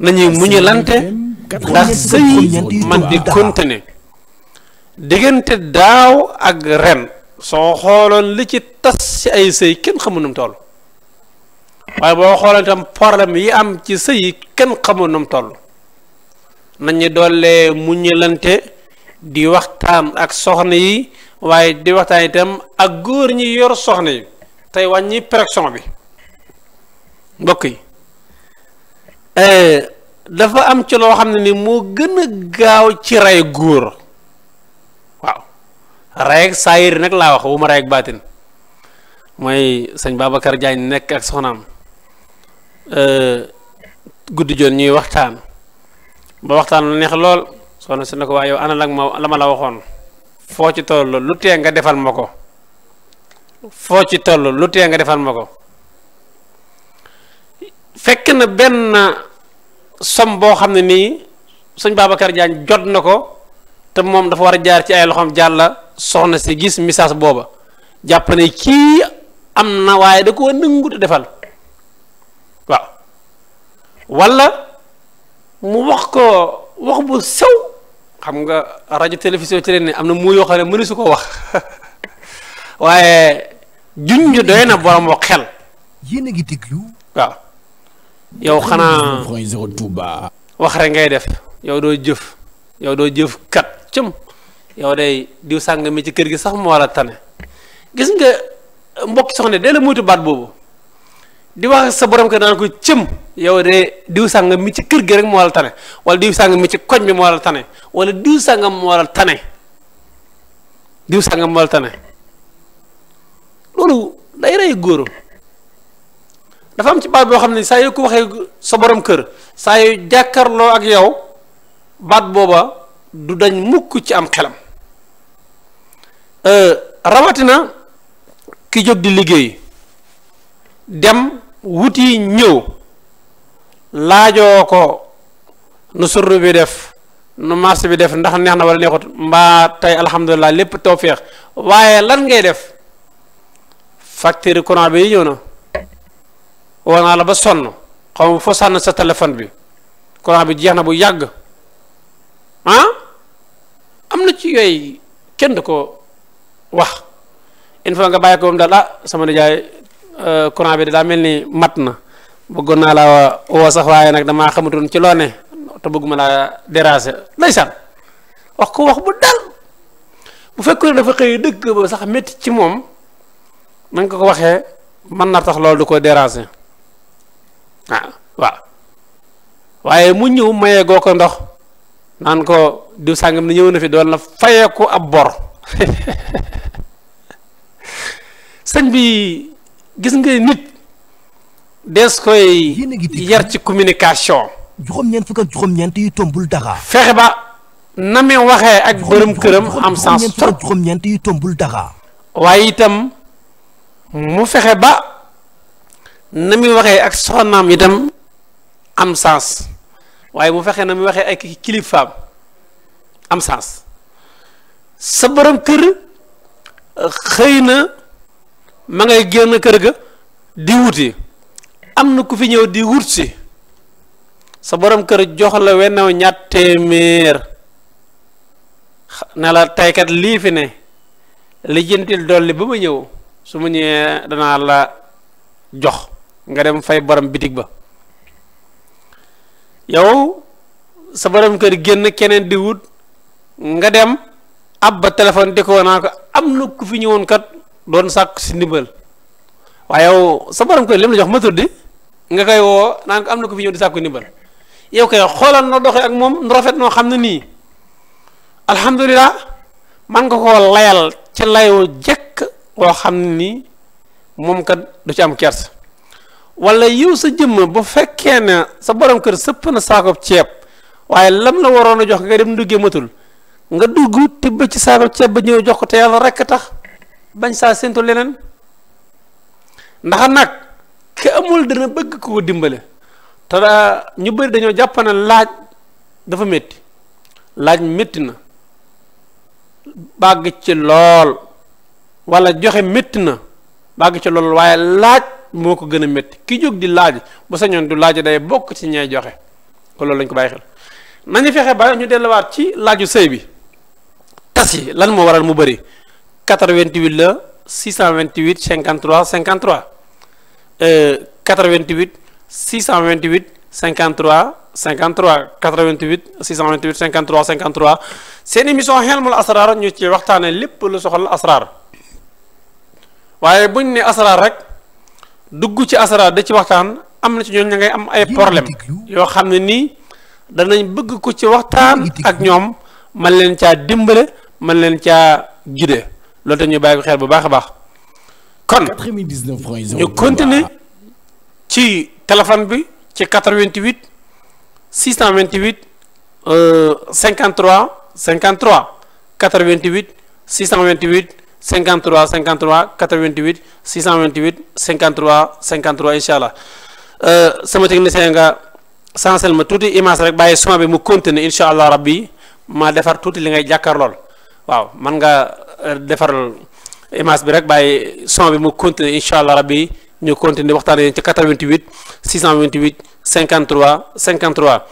nañuy muñalante ndax sëy man di continuer diggante daaw ak ren soo xooloon li ci tas ci ay sëy kenn xamul nu mu waaye boo xooloon itam problème yi am ci sëy yi kenn xamul nu mu nañu doole muñalante di waxtaan ak soxna yi waaye di waxtaan yi itam ak góor ñi yor soxna yi tey ñi pression bi mbokk yi eh, dafa am ci loo xam ne ni moo gën a gaaw ci rey góor waaw rey ak saayir nag laa wax wu ma rey ak baatin mooy sëñ Babacar Diagne nekk ak soxnaam eh, guddi joon ñuy waxtaan ba waxtaan lu neex lool soxna si ne ko waaye yow ana nag ma la ma la waxoon foo ci toll lu tee nga defal ma ko foo ci tollu lu tee nga defal ma ko fekk na benn som boo xam ne nii sëñ Babacar Diagne jot na ko te moom dafa war a jaar ci ay loxoom jàll soxna si gis message booba jàpp ne kii am na waaye da koo nangu defal waaw walla mu wax ko wax bu sew xam nga rajo télévision ci leen am na moo yoo xam ne mënu su ko wax [laughs] waaye junj doy na borom wax xel. yéen a ngi déglu. waaw yow xanaa wax rek ngay def yow doo jëf yow doo jëf kat cëm yow day diw sàng mi ci kër gi sax moo la tane gis nga mbokk soxna dee la moytu baat boobu. di wax sa borom kër naan ko cëm yow de diw sàngam mi ci kër gi rek moo la tane wala diw sàngam mi ci koñ bi moo la tane wala diw sàngam moo la tane diw sàngam moo loolu day rey góor dafa am ci baat boo xam ne saa yu ko waxee sa boroom kër saa yu jàkkarloo ak yow baat booba du dañ mukk ci am xelam euh, rawatina ki jóg di liggéey dem wuti ñëw laajoo ko nu surr bi def nu mars bi def ndax neex na wala neexut mbaa tey alhamdulilah lépp tawféex waaye lan ngay def facture courant bi ñëw na woo naa la ba sonn xaw ma foo sànn sa téléphone bi courant bi jeex bu yàgg ah am na ci yooyu ko wax il faut nga ah sama nijaay Euh, courant bi daa mel ni mat na bëggoon naa laa woo sax waaye nag damaa xamatoon ci loo ne te bëgguma laa déranger ndeysaan wax ko wax bu dal bu fekkoon dafa xëy dëgg ba sax métti ci moom na nga ko waxee man na tax loolu du ko déranger ah waaye mu ñëw mayee goo ko ndox naan ko diw sàngam ni ñëw na fi doon na fayeeku ab bor [laughs] sëñ bi gis nga nit dees koy yar ci communication juróom-ñeent fukk ak ñeent yu tombul dara fexe ba na me waxee ak bërëm këram am sens trop juróom-ñeent tombul dara waaye itam mu fexe ba na waxee ak soxnaam am sens waaye mu fexe na muy waxee ak kilifaam am sens sa bërëm kër xëy na ma ngay génn kër ga di wuti am na ku fi ñëw di wut si sa borom kër jox la wennaw ñaat téeméer ne la taykat lii fi ne li jëntil dolli ba ma ñëw su ma ñëwee danaa la jox nga dem fay borom bitig ba yow sa borom kër génn keneen di wut nga dem ab ba téléphone di ko naa ko am na ku fi ñëwoon doon sàkk si ndimbal waaye sa borom kër lim la jox ma tuddi nga kay woo naan ko am na ko fi ñëw di sàkku ndimbal yow kay xoolal noo doxee ak moom nu rafet noo xam ne nii alhamdulilah man nga koo layal ci layoo woo xam ne nii moom kat du ci am kers wala yow sa jëmm bu fekkee ne sa borom kër sëpp na saako ceeb waaye lam la waroon a jox nga dem duggee matul nga dugg tibb saako ceeb ba ñëw jox ko te yàlla rekk tax bañ saa séntu leneen ndax nag ki amul dana bëgg koo dimbale te ñu bëri dañoo jàpp laaj dafa metti laaj metti na bàgg ci lool wala joxe métti na bàgg ci lool waaye laaj moo ko gën a métti ki jóg di laaj bu sañoon du laaj day bokk ci ñay joxe ko loolu lañ ko bàyyi xel nañu fexe ba ñu delluwaat ci laaju sëy bi tas yi lan moo waral mu bari 88 la 628 53 53 euh, 88 628 53 53 88 628 53 53 seen émission Hilmul Asrar ñoo ci waxtaanee lépp lu soxal asrar waaye buñ ne asrar rek dugg ci asrar da ci waxtaan am na ci ñoom ña ngay am ay problème yoo xam ne nii danañ bëgg ko ci waxtaan ak ñoom man leen caa dimbale man leen caa gide loolu tam ñu bàyyi ko xel bu baax a baax kon ñu continuer ci téléphone bi ci 88 628 53 53 88 628 53 53 88 628 53 53 incha allah sama technicien nga sansel ma tuuti image rek bàyyi suma bi mu continuer incha allah bi ma defar tuuti li ngay jàkkaar lool waaw man nga defaral image bi rek bàyyi son bi mu continuer incha allah rabbi ñu continuer waxtaan yéen ci 88 628 53 53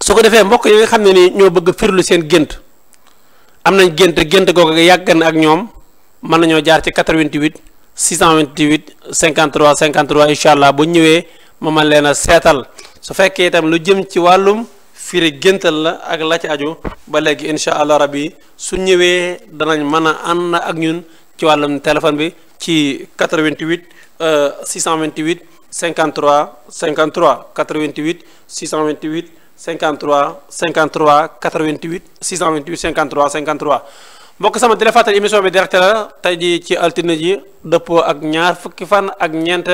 su ko defee mbokk yi nga xam ne ni ñoo bëgg firlu seen gént am nañ gént gént googu yàgg na ak ñoom mën nañoo jaar ci 88 628 53 53 incha allah bu ñëwee ma mën leen a seetal su fekkee itam lu jëm ci wàllum firi géntal la ak la ci aju ba léegi incha allah rabbi su ñëwee danañ mën a ànd ak ñun ci wàllum téléphone bi ci 88 628 53 53 88 628 53 53 88 628 53 53 mbokk sama di émission bi direct la tey ji ci altine ji dëppoo ak ñaar fukki fan ak ñeent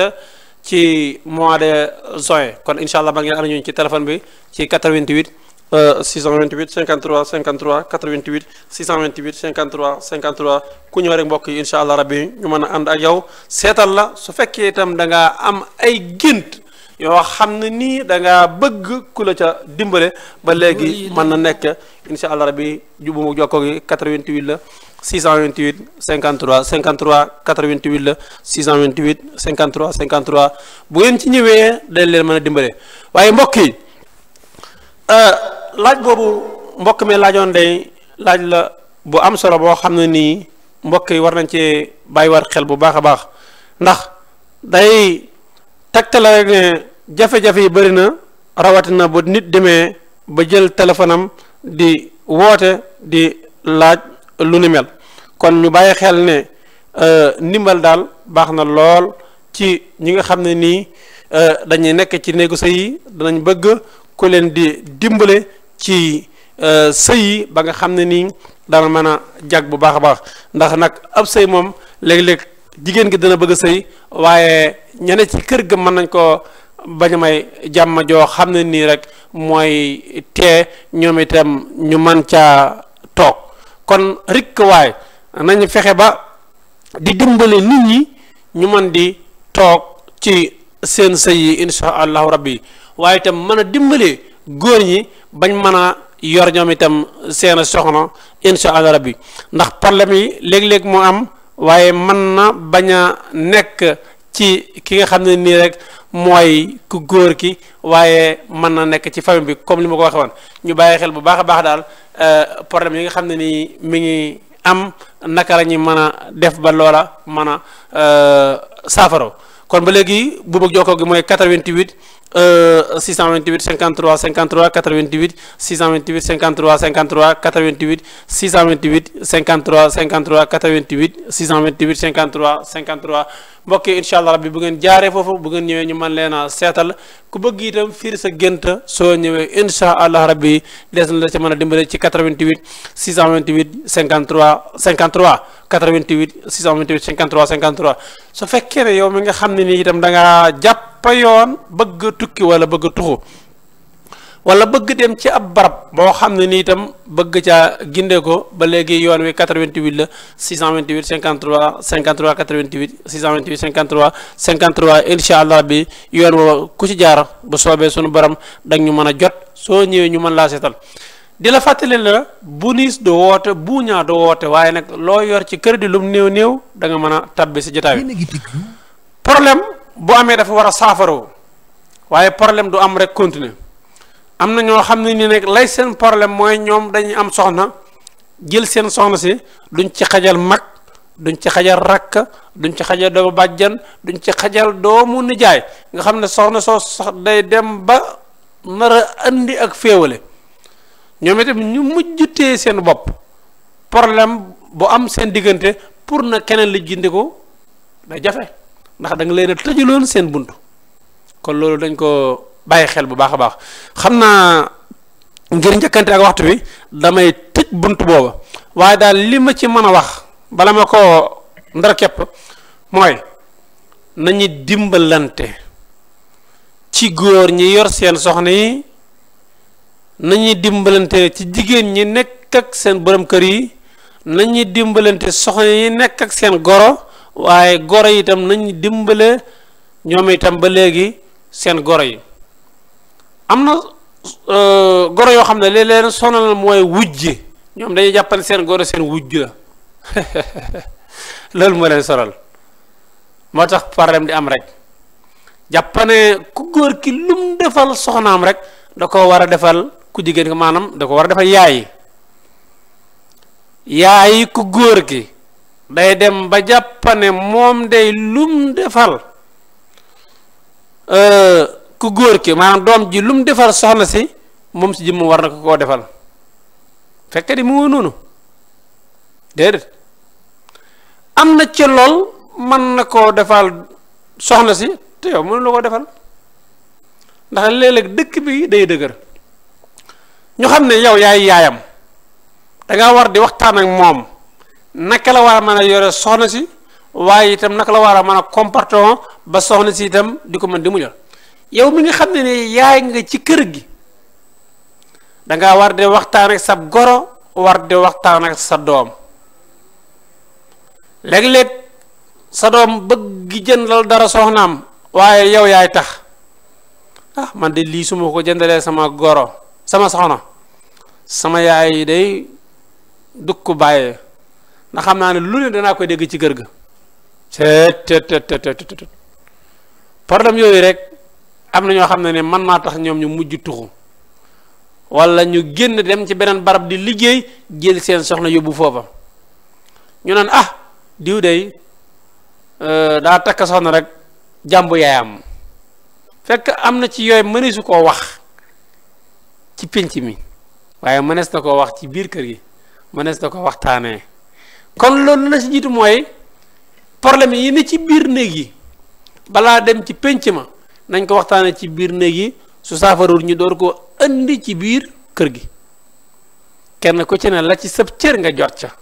ci mois de juin kon incha allah maa ngi am ci téléphone bi ci 88 628 53 53 88 628 53 53 ku ñëw rek mbokk yi incha allah rabbi ñu mën a ànd ay yow seetal la su fekkee itam da am ay gént yoo xam ne nii da ngaa bëgg ku la ca dimbale ba léegi mën na nekk incha allah rabbi jubu mu jokko gi 88 la. vingt 628 53 53 88 la 628 53 53 bu ngeen ci ñëwee dañ leen mën a dimbale waaye mbokk yi euh, laaj boobu mbokk mi laajoon day laaj la bu am solo boo xam ne nii mbokk yi war nañ cee war xel bu baax a baax ndax day tegtale rek ne jafe-jafe yi bëri na rawatina bu nit demee ba jël téléphone am di woote di laaj lu ni mel kon ñu bàyyi xel ne euh, ndimbal daal baax na lool ci ñi nga xam ne nii euh, dañuy nekk ci néegu sëy yi danañ bëgg ku leen di dimbale ci euh, sëy yi ba nga xam ne nii dana mën a jag bu baax a baax ndax nag ab sëy moom léegi léeg jigéen gi dana bëgg a sëy waaye ñene ci kër ga mën nañ koo bañ may jàmm joo xam ne nii rek mooy tee ñoom itam ñu mën caa toog kon rikk waay nañu fexe ba di dimbale nit ñi ñu mën di toog ci seen sëy yi insha allahu rabbi waaye itam mën a dimbale góor ñi bañ mën a yor ñoom itam seen soxna insha allahu rabbi ndax problème yi léeg-léeg moo am waaye mën na bañ a nekk ci ki nga xam ne nii rek mooy ku góor ki waaye mën na nekk ci famille bi comme li ma ko waxee woon ñu bàyyi xel bu baax a baax daal euh, problème yi nga xam ne nii mi ngi am naka lañuy ñuy mën a def ba loola mën a euh, saafaro kon ba léegi bu bëgg jokkoo gi mooy 88 628 53 53 88 628 53 53 88 628 53 53 88 628 53 53 mbokk yi incha allah rabbi bu ngeen jaaree foofu bu ngeen ñëwee ñu mën leen a seetal ku bëgg itam fiir sa gént soo ñëwee incha allah rabbi des na la ci mën a dimbale ci 88 628 53 53 88 628 53 53 su fekkee ne yow mi nga xam ne nii itam da jàpp. po yoon bëgg tukki wala bëgg a tuxu wala bëgg dem ci ab barab boo xam ne ni itam bëgg caa ginde ko ba léegi yoon wi 88 la 628 53 53 88 628 53 53 incha allah bi yoon woowa ku ci jaar bu soobee suñu baram dang ñu mën a jot soo ñëwee ñu mën laa seetal di la fàttali la bu niis du woote bu ñaa du woote waaye nag loo yor ci kër di lum néew néew da nga mën a tabbi si jotaay bi bu amee dafa war a saafaroo waaye problème du am rek continuer am na ñoo xam ne ni nag lay seen problème mooy ñoom dañuy am soxna jël seen soxna si duñ ci xajal mag duñ ci xajal rakk duñ ci xajal doomu bàjjan duñ ci xajal doomu nijaay nga xam ne soxna soo sax day dem ba nar a andi ak féewale ñoom itam ñu mujjutee seen bopp problème bu am seen diggante pour na keneen lijjanti ko day jafe. ndax danga nga leen a tëjuloon seen bunt kon loolu dañ ko bàyyi xel bu baax a baax xam naa ngir njëkkante ak waxtu wi damay tëj bunt booba waaye daal li ma ci mën a wax bala ma ko ndar képp mooy nañu dimbalante ci góor ñi yor seen soxna yi nañuy dimbalante ci jigéen ñi nekk ak seen borom kër yi nañuy dimbalante soxna yi nekk ak seen goro waaye goro yi itam nañ dimbale ñoom itam ba léegi seen goro yi am na euh, goro yoo xam ne li leen sonal mooy wujje ñoom dañuy jàppale seen goro seen wujj la [laughs] loolu moo leen sonal moo tax problème di am rek jàppane ku góor ki lum defal soxnaam rek da ko war a defal ku jigéen ko maanaam da ko war a defal yaay yaayi ku góor ki day dem ba jàppane moom day lum defal euh, ku góor ki maanaam doom ji lum defal soxna si moom si jëmm war na ko koo defal fekk di mu nga noonu déedéet am na ci lool mën na koo defal soxna si te yow mënu la koo defal ndax léeg dëkk bi day dëgër ñu xam ne yow yaay yaayam danga war di waxtaan ak moom naka la war a mën a yore soxna si waaye itam naka la war a mën a comportement ba soxna si itam di ko mën di muñal yow mi nga xam ne ne yaay nga ci kër gi da war de waxtaan ak sa goro war waxtaan ak sa doom léeg-léeg sa doom bëgg jëndal dara soxnaam waaye yow yaay tax ah man de lii su ko jëndalee sama goro sama soxna sama yaay yi day dukk bàyyee ndax xam naa ne lu ne danaa koy dégg ci kër ga tet problème yooyu rek am na ñoo xam ne ne man maa tax ñoom ñu mujj tuxu wala ñu génn dem ci beneen barab di liggéey jël seen soxna yóbbu foofa ñu naan ah diw day euh, daa takk soxna rek jàmbu yaayam fekk am na ci yooyu mëneesu koo wax ci pénc mi waaye mënees na koo wax ci biir kër gi mënees na koo waxtaanee kon loolu na ci jiitu mooy problème yi ne ci biir néeg yi balaa dem ci pénc ma nañ ko waxtaane ci biir néeg yi su saafarul ñu door koo indi ci biir kër gi kenn ku ci ne la ci sab cër nga jot ca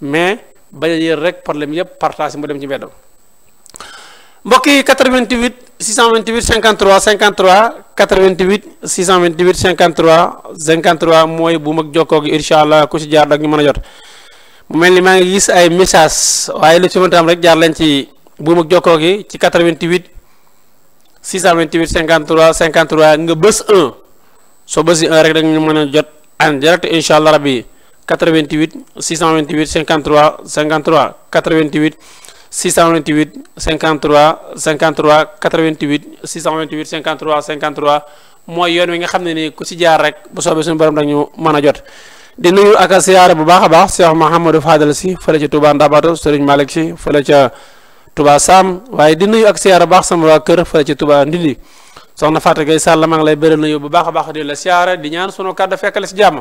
mais ba a yër rek problème yëpp partage mu dem ci mbeddam mbokk yi 88 628 53 53 88 628 53 53 mooy bu mag jokkoo gi incha allah ku ci jaar dak ñu mën a jot mu mel ni maa ngi gis ay message waaye lu ci mën rek jaar leen ci buum ak jokkoo gi ci 88 628 53 53 nga bës 1 soo bësi 1 rek da mën a jot en incha allah rabbi 88 628 53 53 88 628 53 53 88 628 53 53 mooy yoon wi nga xam ne ni ku ci jaar rek bu soobee suñu borom dañu mën a jot di nuyu ak a siyaare bu baax a baax Cheikh Mahamadou Fadal si fële ca Touba Ndabato Serigne Malick si fële ca Touba Sam waaye di nuyu ak siyaare bu baax sama waa kër fële ca Touba Ndindi soxna Fatou Gueye Sall maa ngi lay bëri nuyu bu baax a baax di la siyaare di ñaan sunu kàddu fekk la si jàmm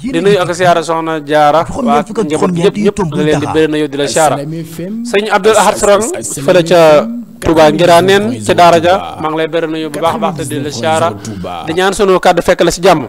di nuyu ak siyaare soxna jaara waa njaboot yëpp ñëpp la leen di bëri nuyu di la siyaara sëñ Abdoul Ahad Sorong fële ca Touba Ngiraneen ca daara ja maa ngi lay bëri nuyu bu baax a baax te di la siyaara di ñaan sunu kàddu fekk la si jàmm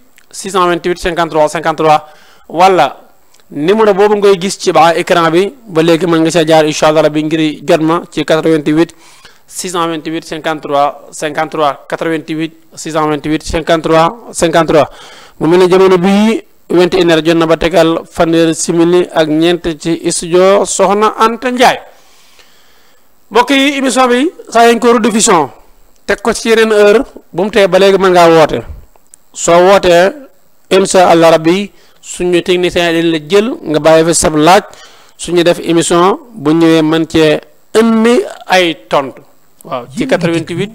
628 53 53 wala numéro boobu ngay gis ci ba écran bi ba léegi mën nga see jaar incha allah bi ngir jot ma ci 88 628 53 53 88 628 53 53 mu mel ne jamono bii 21 heures jot na ba tegal fanweeri simili ak ñeent ci studio Soxna Anta Ndiaye mbokk yi émission bi saa yañ ko rediffusion teg ko ci yeneen heure bu mu tee ba léegi mën ngaa woote soo wootee incha allah rabbi suñu technicien dañ la jël nga bàyyi fa sab laaj suñu def émission bu ñëwee mën cee indi ay tont waaw ci 88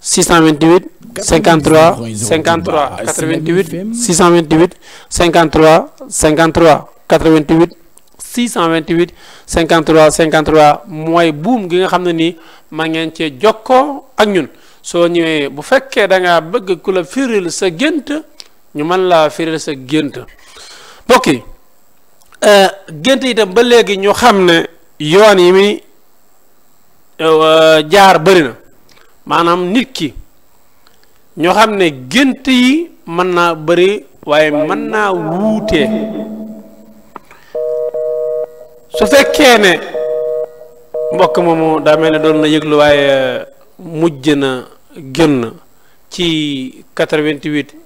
628 53 53 88 628 53 53 88 628 53 53 mooy buum gi nga xam ne ni ma ngeen cee jokkoo ak ñun soo ñëwee bu fekkee da ngaa bëgg ku la firil sa gént ñu man laa firil sa gént mbokk yi eh, gént itam ba léegi ñoo xam ne yoon yi mi eh, jaar bëri na maanaam nit ki ñoo xam ne gént yi mën naa bëri waaye mën naa wuutee su fekkee ne mbokk moomu daa mel ne doon na yëglu waaye eh, mujj na génn ci 88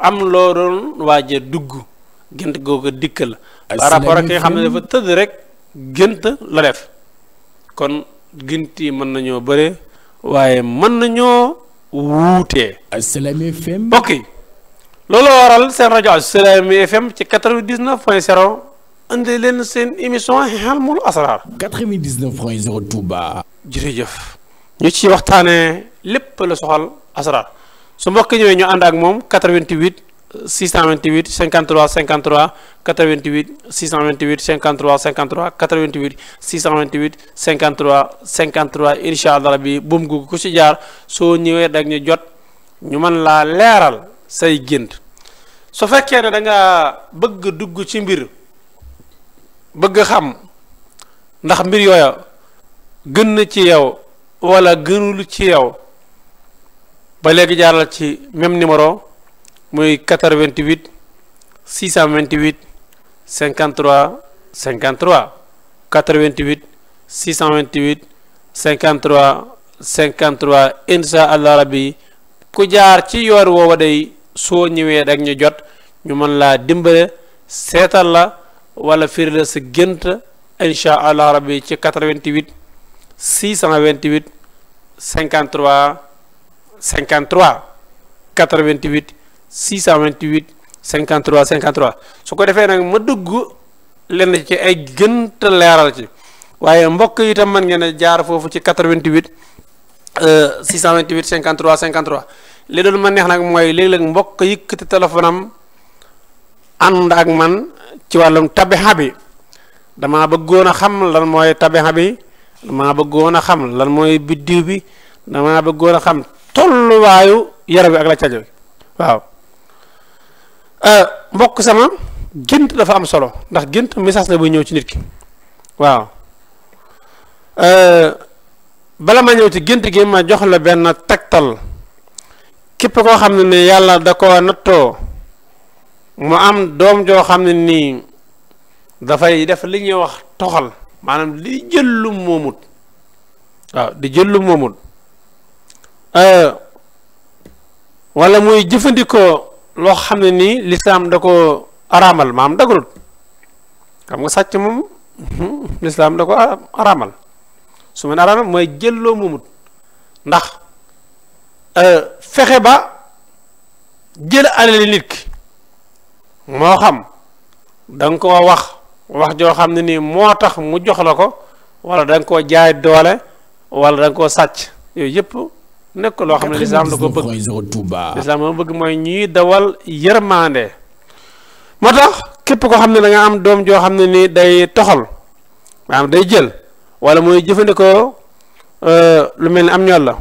am loo doon waaj a dugg gént googu dikk la par rapport ak ki nga xam ne dafa tëdd rek gént la def kon gént yi mën nañoo bëre waaye mën na ñoo wuutee Assalaamy FM mbokk yi loolu waral seen rajo Assalaamy fem ci 99 point 0 indi leen seen émission Hilmul Asrar 99 point 0 Touba jërëjëf ñu ci waxtaanee lépp la soxal asrar su mbokk ñëwee ñu ànd ak moom 88 628 53 53 88 628 53 53 88 628 53 53 incha allah rabi buum gu ku ci jaar soo ñëwee dag ñu jot ñu mën laa leeral say gént su fekkee ne da bëgg dugg ci mbir bëgg xam ndax mbir yooya gën na ci yow wala gënul ci yow. ba léegi jaaral ci même numéro muy 88 628 53 53 88 628 53 53 insha allah rabbi ku jaar ci yoor woowa day soo ñëwee rek ñu jot ñu mën laa dimbale seetal la wala firi la sa gént insha allah rabbi ci 88 628 53 53 88 628 53 53 su ko defee nag ma dugg lenn ci ay gënta leeral ci waaye mbokk yitam itam mën ngeen jaar foofu ci 88 628 53 53 li doon ma neex nag mooy léeg-léeg mbokk yëkkati téléphone am ànd ak man ci wàllum tabixa bi damaa bëggoon a xam lan mooy tabixa bi a xam lan mooy bi damaa bëggoon a xam tolluwaayu yaram bi ak la cajo bi waaw euh, mbokk sama gént dafa am solo ndax gént message la buy ñëw ci nit ki waaw euh, bala ma ñëw ci gént gi ma jox la benn tegtal képp koo xam ne ni yàlla da ko nattoo mu am doom joo xam ne nii dafay def li ñuy wax toxal maanaam li jël moomut waaw di jël lu moomut Euh, wala mooy jëfandikoo loo xam ne nii lislaam da ko araamal maam daganut xam nga sàcc moom [laughs] lislaam da ko araamal su ma ne araamal mooy jël loo moomut ndax euh, fexe ba jël alali nit ki moo xam da nga koo wax wax joo xam ne nii moo tax mu jox la ko wala da koo jaay doole walla da koo sàcc yooyu yëpp nekk loo xam ne lislaam da ko bëgg lislaam moo bëgg mooy ñuy dawal yërmaande moo tax képp ko xam ne da am doom joo xam ne ni day toxal day jël wala muy jëfandikoo euh, lu mel ni am ñol la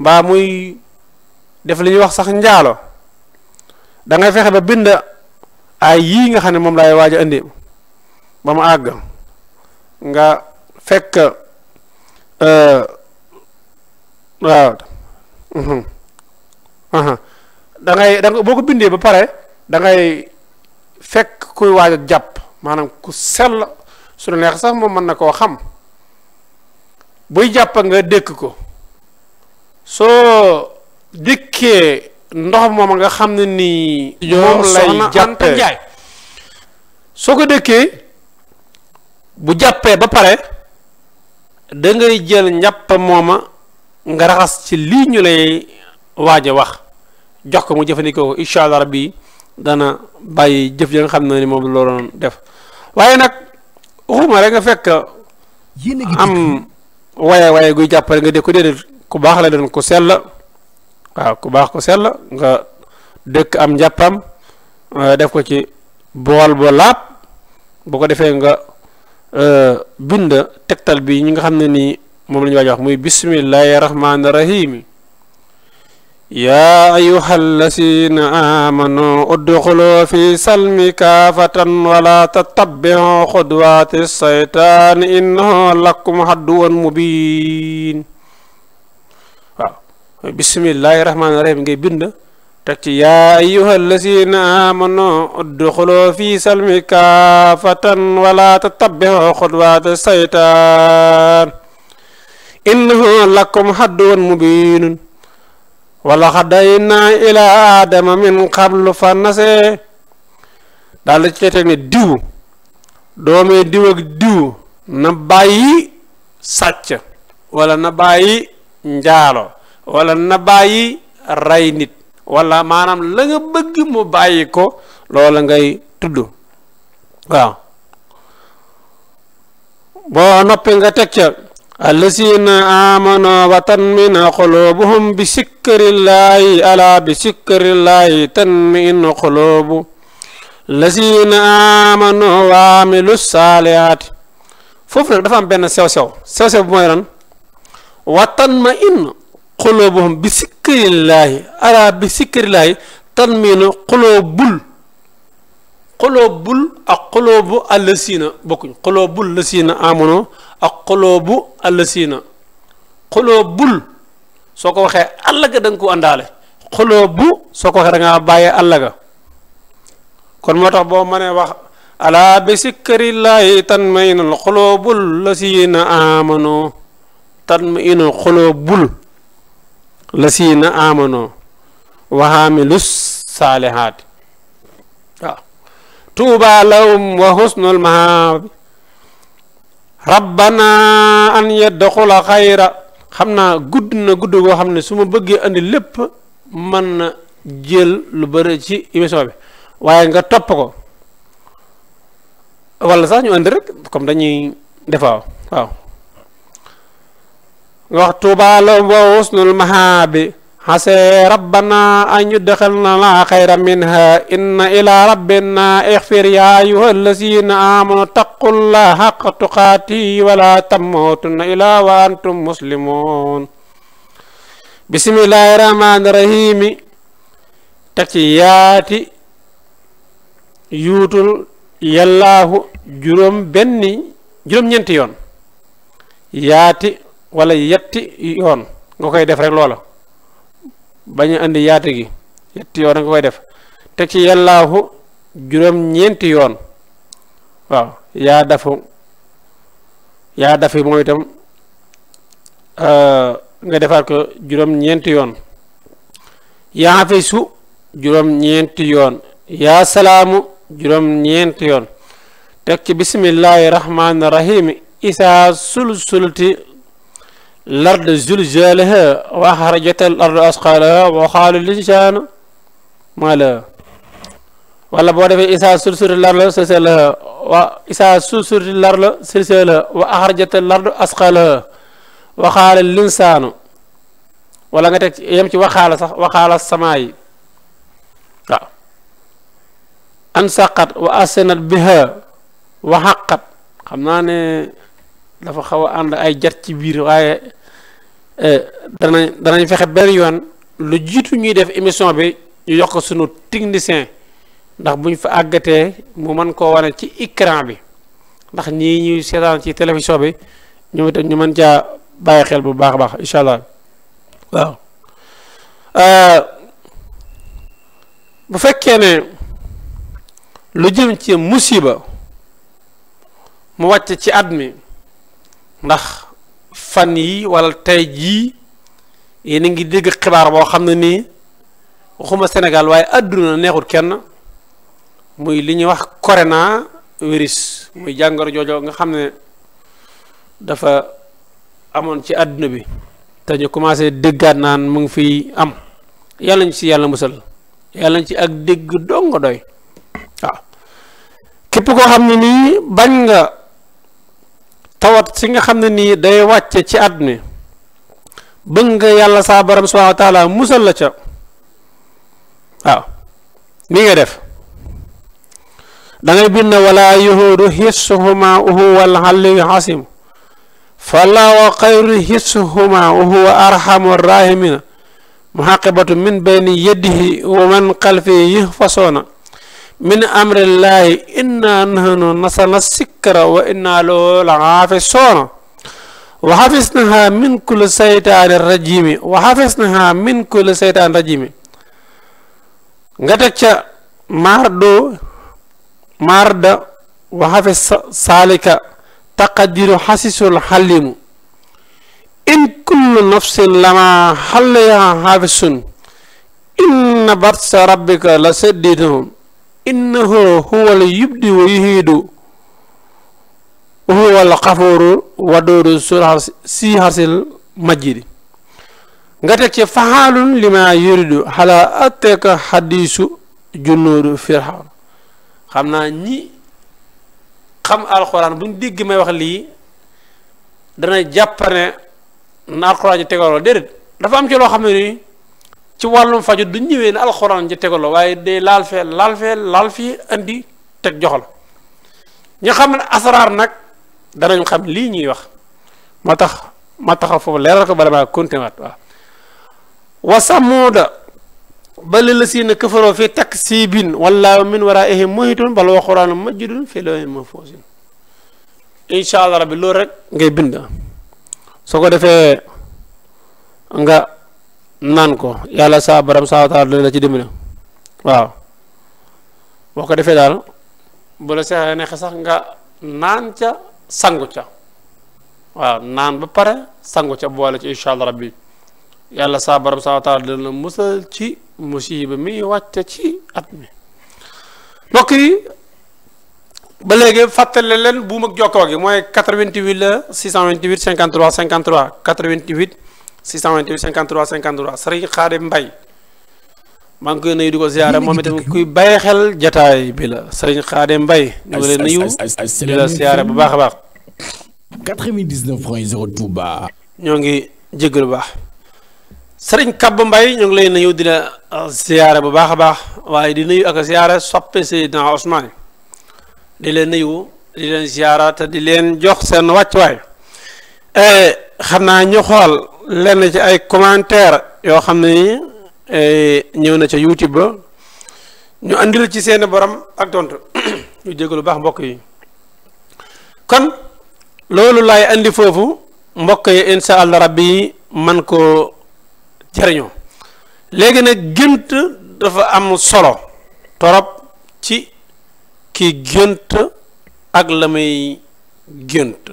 mbaa muy def li ñuy wax sax njaalo dangay ngay fexe ba bind ay yii nga xam ne moom laay waaj a indi ba mu àgg nga fekk euh, waaw mhm. da ngay da nga boo ko bindee ba pare dangay fekk kuy waaj a jàpp maanaam ku sell su neex sax moom mën na koo xam buy jàpp nga dékk ko soo dékkee ndox moom nga xam ne nii moom lay jàppee jaay soo ko dékkee bu jàppee ba pare da ngay jël njàpp mooma nga raxas ci lii ñu lay waaj wax jox ko mu jëfandikoo ko incha allah bii dana bàyyi jëf ja nga xam ne ni moom loo def waaye nag waxuma rek nga fekk am waaye waaye guy jàppale nga dégg ko déedéet ku baax la doon ku sell waaw ku baax ku sell nga dëkk am njàppam euh, def ko ci bool ba laab bu ko defee nga euh, bind tegtal bi ñi nga xam ne nii moom la ñu waaj wax muy bismillahi rahmaani rahim yaa ayuha lasina amanu udxulu fi salmi kaafatan wala tattabiu xudwaati saytaani innahu lakum xadduwan mubin waaw bismillahi rahmaani rahim ngay bind teg ci yaa ayuha lasina amanu udxulu fi salmi kaafatan wala tattabiu xudwaati saytaan innahu lakum xadduwun mubinun wala xadaynaa ilaa aadama min qablu fa nasee da cee teg ne diw doomee diw na bàyyi sàcc wala na bàyyi njaalo wala na bàyyi rey nit wala maanaam la nga bëgg mu bàyyi ko loola ngay tudd boo noppi nga الذين آمنوا وتنمن قلوبهم بسكر الله ألا بسكر الله تنمن قلوب الذين آمنوا وعملوا الصالحات foofu nag dafa am benn sew sew sew sew bu mooy lan وتنمن قلوبهم بسكر الله ألا بسكر الله تنمن قلوب قلوب ak قلوب الذين bokkuñ قلوب الذين آمنوا ak xuloobu allasiina xuloobul soo ko waxee àll ga da nga ko àndaale xuloobu soo ko waxee da ngaa bàyyee àll ga kon moo tax boo mënee wax alaa bi sikkarillahi tatma'innul xuluubul lasiina aamanu tatma'innul xuluubul lasiina aamanu wa aamilus saalihaati waaw tuuba lahum wa husnul mahab rabbana an yadxula xayra xam naa gudd na gudd goo xam ne su ma bëggee andi lépp man na jël lu bëri ci émission bi waaye nga topp ko wala sax ñu andi rek comme dañuy defaaw waaw wax tuuba la wa husnul mahaabi xasee rabbana an yudxilna la xayra minha inna ila rabbina ixfir ya ayuha allasina amanu taqullaha xaqa tuqaati wala tamutunna ila wa antum muslimun bismillahi rahmani rahimi teg ci yaati yuutul yallaahu juróom benni juróom-ñeenti yoon yaati wala yetti yoon nga koy def rek loola bañ a indi yaatu gi ñetti yoon nga koy def te ci yàllaahu juróom-ñeenti yoon waaw yaa dafu yaa dafi mooy itam euh, nga defaat ko juróom-ñeenti yoon yaa afisu juróom-ñeenti yoon yaa salaamu juróom-ñeenti yoon teg ci bismillahi rahmaani rahim isaa sul الأرض زلزالها وأخرجت الأرض أثقالها وقال الإنسان ما لها wala boo defee isaa sursuri lar la silsilaha wa isaa sursuri lar la silsilaha wa axarjata lardu asqalaha waxaala linsaanu wala nga teg yem ci waxaala sax waxaala samaa yi waaw ansaqat wa asenat wa xaqat xam naa dafa xaw a ànd ay jat ci biir waaye eh, dana danañ fexe benn yoon lu jiitu ñuy def émission bi ñu yokk sunu technicien ndax buñ fa àggatee mu mën koo wane ci écran bi ndax ñi ñuy seetaan ci télévision bi ñoom itam ñu mën jaa bàyyi xel bu baax a baax incha allah waaw eh, bu fekkee ne lu jëm ci musiba mu wàcce ci at mi ndax fan yi wala tey jii yéen a ngi dégg xibaar boo xam ne nii waxuma Sénégal waaye àdduna neexut kenn muy li ñuy wax corona wiris muy jàngoro joojo nga xam ne dafa amoon ci àdduna bi te ñu commencé déggaat naan mu ngi fi am yàlla ñu ci yàlla musal yàlla ñu ci ak dégg dong doy képp koo xam ne nii bañ nga tawat si nga xam ne nii day wàcce ci at mi bëgg nga yàlla saa borom subhanahu wa taala musal la ca waaw ni nga def da ngay bind wala yuhudu hissuhuma uhuwa alxalliyu xasim fala wa xayru hissuhuma uhuwa arhamu rahimina muhaqibatu min bayni yadihi wa man xalfihi yëx fasoona min amrillahi inna nahnu nasana sikra wa inna lahu lahaafisoona wa hafisnaha min kulli seytaani rajimi wa hafisnaha min kulli seytaani rajimi nga teg ca mardo marda wa hafis salika taqadiru hasisul halimu in kullu nafsin lama hallayha hafisun inna batsa rabbika la sedditahum innahu huwal yubdi wa yuhiidu huwal xafooru wadooru sur si xarsil majjidi nga teg ci faxaalun lima yuridu xala atteeka xadiisu junnóodu firxawn xam naa ñi xam alxuraan buñ ñu dégg may wax lii dana jàpp ne na alxuraan ji tegaloo déedéet dafa am ci loo xam ne nii ci wàllum faju du ñëwee ne alxuraan ji tegaloo waaye day laal fee laal fee laal fii andi teg jox la xam ne asraar nag danañ xam lii ñuy wax ma tax ma taxa foofu leeral ko bala maa continué waat waaw wa samuuda bali la si na këfaroo fi taksiibin wallaahu min waraa'ihim muhiitun bal huwa qur'aanun majidun fii lawhin mahfuusin incha allah rabbi loolu rek ngay bind soo ko defee nga naan ko yàlla saa baram saa taala dana la ci dimbali waaw boo ko defee daal bu la seexee neexe sax nga naan ca sangu ca waaw naan ba pare sangu ca bu boole ci incha allah rabbi yàlla saa baram saa taala dana la musal ci musiba mi wàcce ci at mi mbokk ba léegi fàttale leen buum ak jokkoo gi mooy 88 la 628 53 53 88 628 53 53 Serigne Khadim Mbaye maa ngi koy nuyu di ko ziyaara moom itam kuy bàyyi xel jataay bi la Serigne Khadim Mbaye ñu bu baax a baax 99 point 0 ñoo ngi jéggal bu baax Serigne Kab ngi lay nuyu di la ziyaara bu baax a baax waaye di nuyu ak ziyaara soppe Seydina Ousmane di leen nuyu di leen ziyaara te di leen jox seen wàccuwaay Eh, xam naa ñu xool lenn ci ay commentaire yoo xam ne nii eh, ñëw na ca youtube ba ñu andil ci seeni borom ak tontu [coughs] ñu lu baax mbokk yi kon loolu lay andi foofu mbokk yi insha allah yi man koo jariñoo léegi nag gént dafa am solo torop ci ki gént ak la muy gént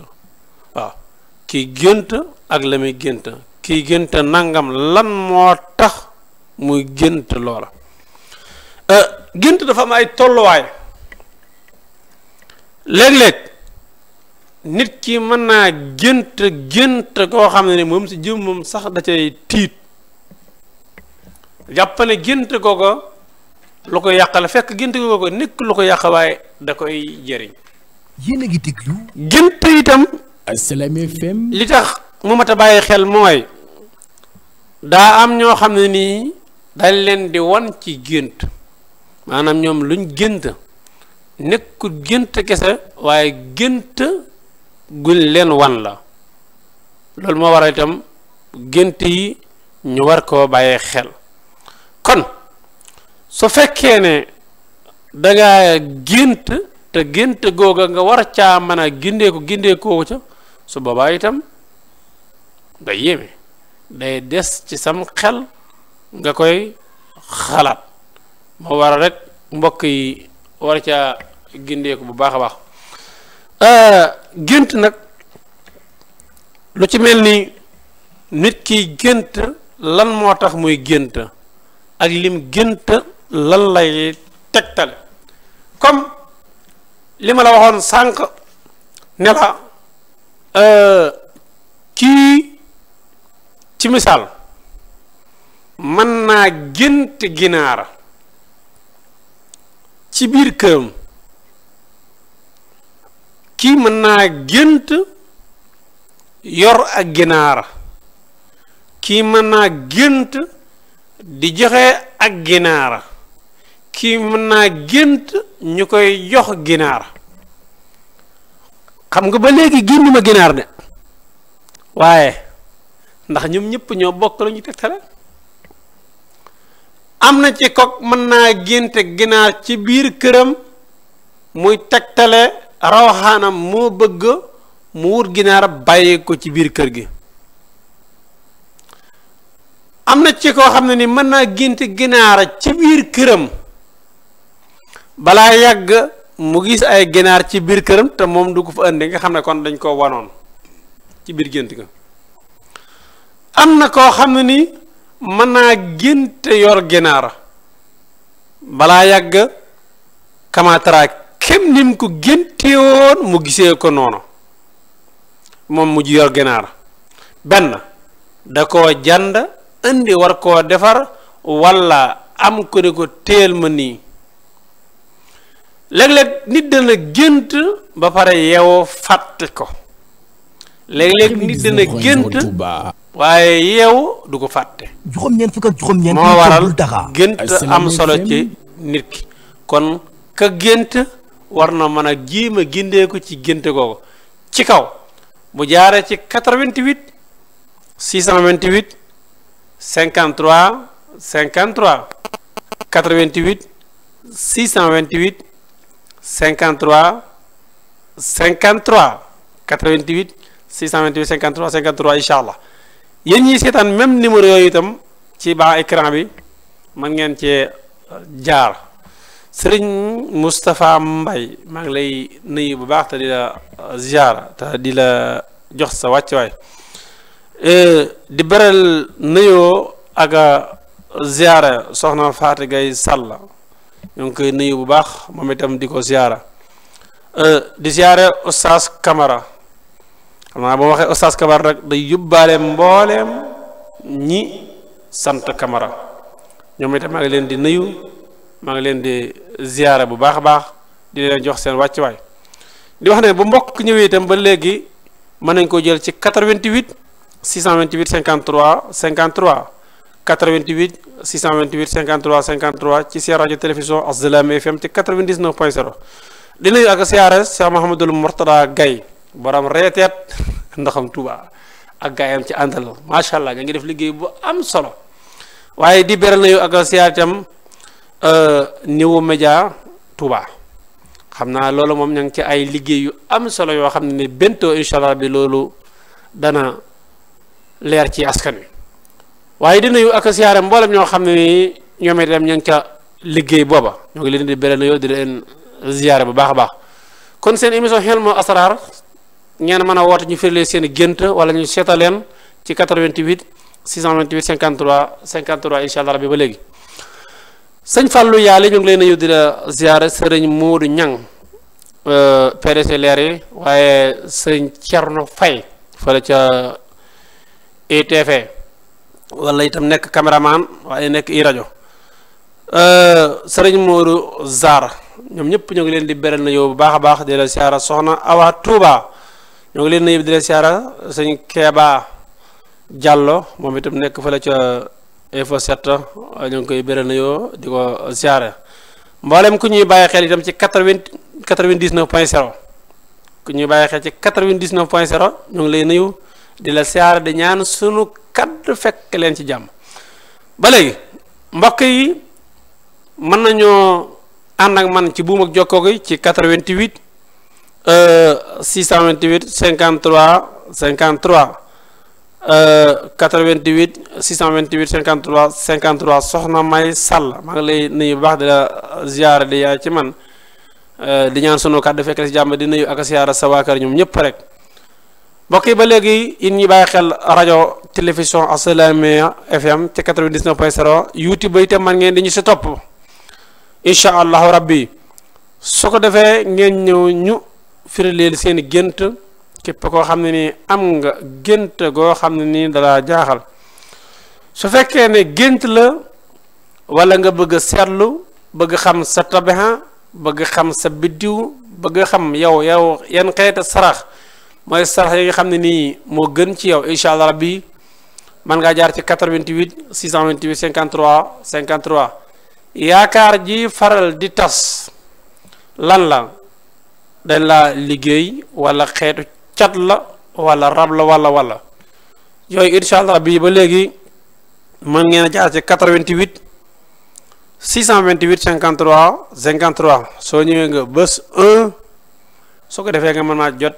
kii gént ak la muy gént kii gént nangam lan moo tax muy gént loola euh, gént dafa am ay tolluwaay léeg-léeg nit ki mën naa gént gént koo xam ne moom si jëm moom sax da cay tiit jàpp ne gént kooka lu ko yàqal fekk gént kooka nekk lu ko yàq da koy jëriñ gént itam Assalaamy FM. li tax mu mat a bàyyi xel mooy daa am ñoo xam ne nii dañ leen di wan ci gént maanaam ñoom luñ gént nekkul gént kese waaye gént guñ leen wan la loolu moo war a itam gént yi ñu war koo bàyyee xel kon su fekkee ne da ngaa gént te gént googa nga war caa mën a gindee ko gindee gindeekoo ca su boobaa itam day yéeme day des ci sam xel nga koy xalaat moo waral rek mbokk yi war caa gindeeku bu baax a baax euh, gént nag lu ci mel ni nit kiy gént lan moo tax muy gént ak lim gént lan lay tegtale comme li ma la waxoon sànq ne Euh, kii ci misaal mën naa gént ginaar ci biir këram kii mën naa gént yor ak ginaar kii mën naa gént di joxe ak ginaar kii mën naa gént ñu koy jox ginaar xam nga ba léegi génn ma ginaar de waaye ndax ñoom ñépp ñoo bokk la ñu tegtale am na ci kok mën naa génte ginaar ci biir këram muy tegtale rawaxaanam moo bëgg mu wut ginaar bàyyi ko ci biir kër gi am na ci koo xam ne ni mën naa génte ginaara ci biir këram balaa yàgg mu gis ay ginaar ci biir këram te moom du ko fa indi nga xam ne kon dañ koo wanoon ci biir gént ga am na koo xam ne ni mën naa génte yor ginaar balaa yàgg kamaataraa kem nim ko génte woon mu gisee ko noonu moom mujj yor ginaar benn da koo jànd indi war koo defar walla am ko ne ko téel ma nii léeg-léeg nit dana gént ba pare yeewoo fàtte ko léeg-léeg nit dana gént waaye yeewu du ko fàtte juróom-ñeent fukk ak juróom-ñeent moo waral gént am solo ci nit ki kon ka gént war na mën a jéem a gindeeku ci gént googu ci kaw bu jaare ci 88 628 53 53 88 628 53 53 88 628 53 53 incha allah seetaan même numéro yooyu itam ci baa écran bi mën ngeen cee euh, jaar sëriñ Moustapha Mbaye maa ngi lay nuyu bu baax te di la euh, ziar te di la jox sa wàccuwaay euh, di beral nuyoo ak ziara soxna Fatou Gaye Sall ñoo koy nuyu bu baax moom itam di ko ziyaara euh, di ziyaare Oustaz kamara xam naa boo waxee Oustaz Camara rek day yóbbaale mbooleem ñi sant kamara ñoom itam maa ngi leen di nuyu maa ngi leen di ziyaara bu baax a baax di leen jox seen wàccuwaay di wax ne bu mbokk ñëwee itam ba léegi mën nañ ko jël ci 88 628 53 53 88 628 53 53 ci seen rajo télévision Assalaamy FM ci 99 point 0 di nuyu ak CRS Cheikh Mouhamadul Mourtada Gaye borom reeteet ndaxam Touba ak gaayam ci àndal macha allah nga ngi def liggéey bu am solo waaye di beral nañu ak siyaar itam euh, New Media Touba xam naa loolu moom ña ngi ci ay liggéey yu am solo yoo xam ne bentoo incha allah bi loolu dana leer ci askan wi. waaye di nuyu ak siyaare mboolem ñoo xam ne nii ñoom itam ngi ca liggéey booba ñoo ngi leen di beral nuyoo di leen ziyaare bu baax a baax kon seen émission Hilmul Asraar ngeen mën a woote ñu firlee seen i gént wala ñu seeta leen ci 88 628 53 53 incha allah bi ba léegi sëñ Fallou Yaali ñu ngi leen nuyu dina la ziyaare sëriñ Moodu Ñang euh, PDC leer yi waaye sëñ Cerno Fay fële ca ITV e wala itam nekk caméraman waaye nekk i rajo euh, sëriñ Modou Zar ñoom ñëpp ñoo ngi leen di beral na yow bu baax a baax di la siyaara soxna Awa Touba ñoo ngi leen nuyu di la siyaara sëñ Keeba Diallo moom itam nekk fële ca Info 7 ñoo ngi koy beral na yow di ko siyaara mboolem ku ñuy bàyyi xel itam ci quatre-vingt quatre-vingt-dix-neuf point zéro ku ñuy bàyyi xel ci quatre-vingt-dix-neuf point zéro ñoo ngi lay nuyu. di la siyaara di ñaan sunu kaddu fekk leen ci jàmm ba léegi mbokk yi mën nañoo ànd ak man ci buum ci jokkoo gi ci 88 628 53 53 88 628 53 53 soxna May Sall maa ngi lay nuyu baax di la ziyaara di yaay ci man euh, di ñaan sunu kaddu fekk leen ci jàmm di nuyu ak siyaara sa waa kër ñoom ñëpp rek. mbokk yi ba léegi yéen ñi bàyyi xel rajo télévision Assalaamy FM ci 99 point 0 youtube itam man ngeen di ñu si topp incha allahu rabbi su ko defee ngeen ñëw ñu firi leen seen i gént képp koo xam ne nii am nga gént goo xam ne nii dalaa jaaxal su fekkee ne gént la wala nga bëgg a seetlu bëgg xam sa tabaxa bëgg xam sa biddiw bëgg xam yow yow yan xeeti sarax mooy sarax yi nga xam ne nii moo gën ci yow incha allah rabbi mën ngaa jaar ci 88 628 53 53 yaakaar ji faral di tas lan la dañ la liggéey wala xeetu cat la wala rab la wala wala yooyu incha allah rabbi ba léegi mën ngeen jaar ci 88 628 53 53 soo ñëwee nga bés 1 soo ko defee nga mën maa jot.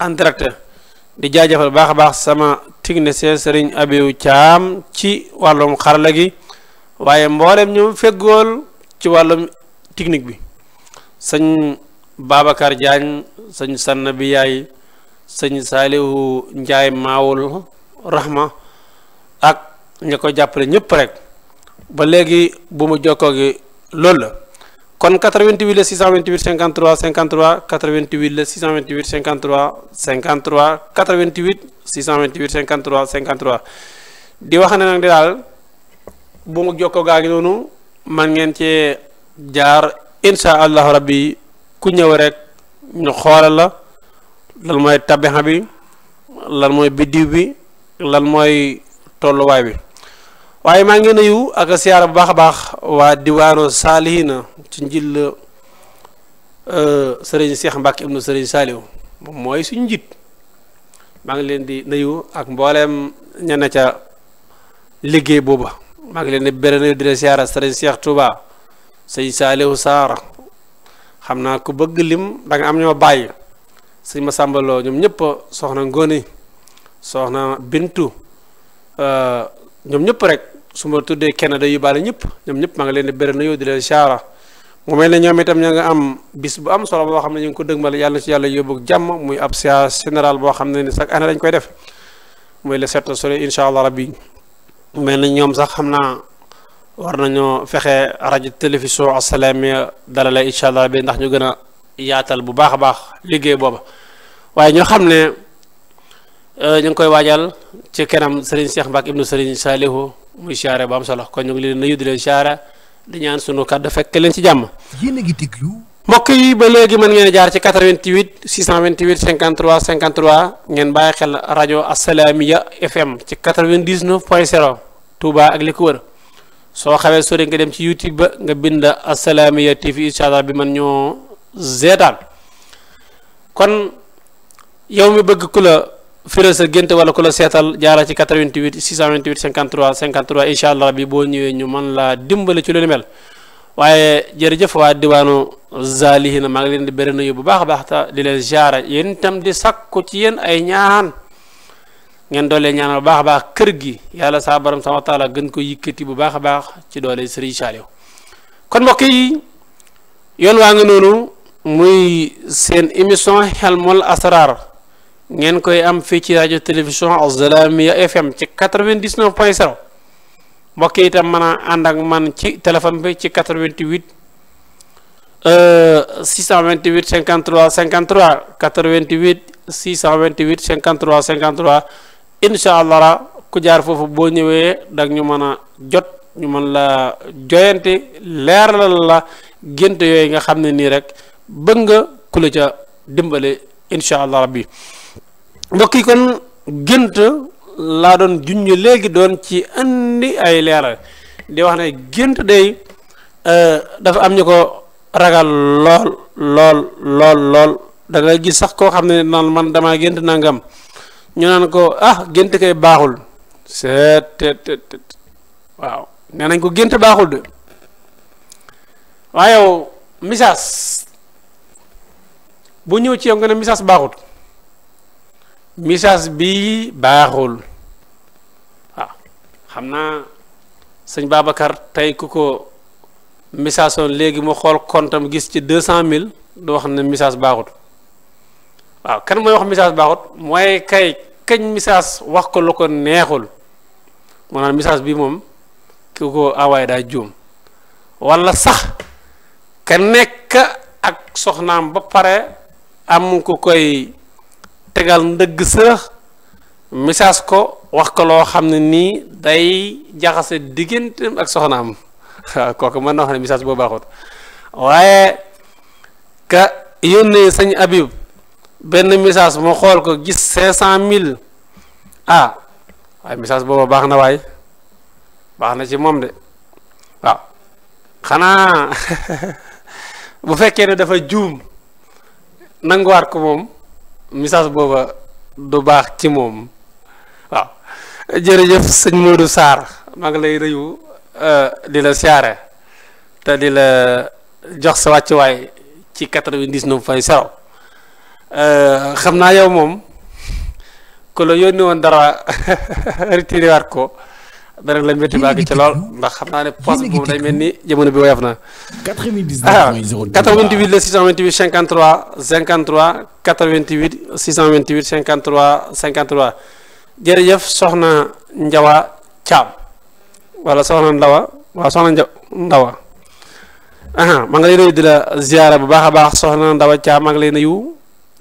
en di jaajëfal baax a baax sama technicien Serigne Abiou caam ci wàllum xarala gi waaye mboolem ñoom feggool ci wàllum technique bi sëñ Babacar Diagne sëñ Sanna bi yaay sëñ Saalihu Njaay Maawul raxma ak ña ko jàppale ñëpp rek ba léegi bu mu jokkoo gi loolu la kon 88 la 628 53 53 88 la 628 53 53 88 628 53 53 di wax ne nag di daal bu mu jokkoo gaa ngi noonu man ngeen cee jaar insha allahu rabbi ku ñëw rek ñu xoolal la lan mooy tabixa bi lan mooy biddiw bi lan mooy tolluwaay bi waaye maa ngi nuyu ak siyaara bu baax a baax waa diwaanu Saalihina ci njiit euh, sëriñ Cheikh Mbacke ibnu sëriñ Saliou moom mooy suñu njiit maa ngi leen di nuyu ak mbooleem ñenn ca liggéey booba maa ngi leen di bere nuyu di leen siyaara sëriñ Cheikh Touba xam naa ku bëgg lim da am ñoo bàyyi sëñ ma sàmbaloo ñoom ñëpp soxna Ngoni soxna Bintu euh, ñoom ñëpp rek su ma tuddee kenn day yóbbaale ñëpp ñoom ñëpp maa ngi leen di bëri na yow di leen saara mu mel ñoom itam ña am bis bu am solo boo xam ne ñu ngi ko dëgmal yàlla ci yàlla yóbbu jàmm muy ab séance générale boo xam ne ni chaque année dañ koy def muy le sept sore incha allah rabbi mel na ñoom sax xam naa war nañoo fexe rajo télévision Assalaamy dalala incha allah bi ndax ñu gën a yaatal bu baax a baax liggéey booba waaye ñoo xam ne Euh, ñu ngi koy waajal ci kanam Serigne Cheikh Mbacke ibnu Serigne Salihu muy siyaare bu am solo kon ñu ngi leen nuyu di leen siyaare di ñaan sunu kàddu fekk leen ci jàmm. yéen a ngi déglu. mbokk yi ba léegi mën ngeen a jaar ci 88 628 53 53 ngeen bàyyi xel rajo Assalaamiya FM ci 99 point 0 Touba ak li ko wër soo xawee sori nga dem ci YouTube ba nga bind Assalaamiya TV incha allah bi man ñoo zeetaan kon yow mi bëgg ku firé sa gént wala ku la seetal jaara ci 88 628 53 53 incha allah bi boo ñëwee ñu mën laa dimbale ci lu ni mel waaye jërëjëf waa diwaanu zaalihina maa ngi leen di bëri nuyu bu baax a baax ta di leen jaara yéen itam di ko ci yéen ay ñaan ngeen doolee ñaan bu baax a baax kër gi yàlla saa borom sa taala gën ko yëkkati bu baax a baax ci doole Serigne Saliou kon mbokk yi yoon waa nga noonu muy seen émission xelmul asrar ngeen koy am fii ci rajo télévision Assalaamy FM ci 99 point 0 mbokk itam mën a ànd ak man ci téléphone bi ci 88 628 53 53 88 628 53 53 incha allah ku jaar foofu boo ñëwee dag ñu mën a jot ñu mën la joyante leeralal la gént yooyu nga xam ne nii rek bëgg nga ku ca dimbale incha allah rabbi mbokk yi kon gént laa doon junj léegi doon ci andi ay leeral di wax ne gént day euh, dafa am ñu ko ragal lool lool lool lool da gis sax koo xam ne naan man damaa gént nangam ñu naan ko ah gént kay baaxul seet teet teet waaw nee nañ ko gént baaxul de waaye yow bu ñëw ci yow nga ne message baaxul. missage bii baaxul waaw ah, xam naa sëñ Babacar tey ku ko message soon léegi mu xool kontam gis ci deux cent mille du wax ne message baaxut waaw ah, kan mooy wax missage baaxut mooy kay kañ message wax ko lu ko neexul mu naan message bi moom ki ko awaay daa juum walla sax ka nekk ak soxnaam ba pare am ku koy tegal ndëgg sërëx misaas ko wax ko loo xam ne nii day jaxase digganteem ak soxnaam waaw kooku mën na wax ne misaas boo baaxut waaye ka yónnee sañ Habib benn missage mu xool ko gis cinq cent mille ah waaye message boobu baax na waay baax na ci moom de waaw xanaa [laughs] bu fekkee ne dafa juum nanguwaat ko moom missage booba du baax ci moom waaw jërëjëf sëñ Modou Sarr maa ngi lay rëyu euh, di la siyaare te di la jox sa wàccuwaay ci quatre-vingt-dix-neuf fay zéro euh, xam naa yow moom ku la yónni woon dara [laughs] retiré waat ko danañ leen métti baa ci lool ndax xam naa ne poche mel ni jamono bi woyof na. 98 88 ah, la 628 53 53 88 628 53 53 jërëjëf soxna Njawa Caam wala soxna Ndawa waaw soxna Nja Ndawa maa ngi lay di la ziyaara bu baax a baax soxna Ndawa Caam maa ngi lay na yu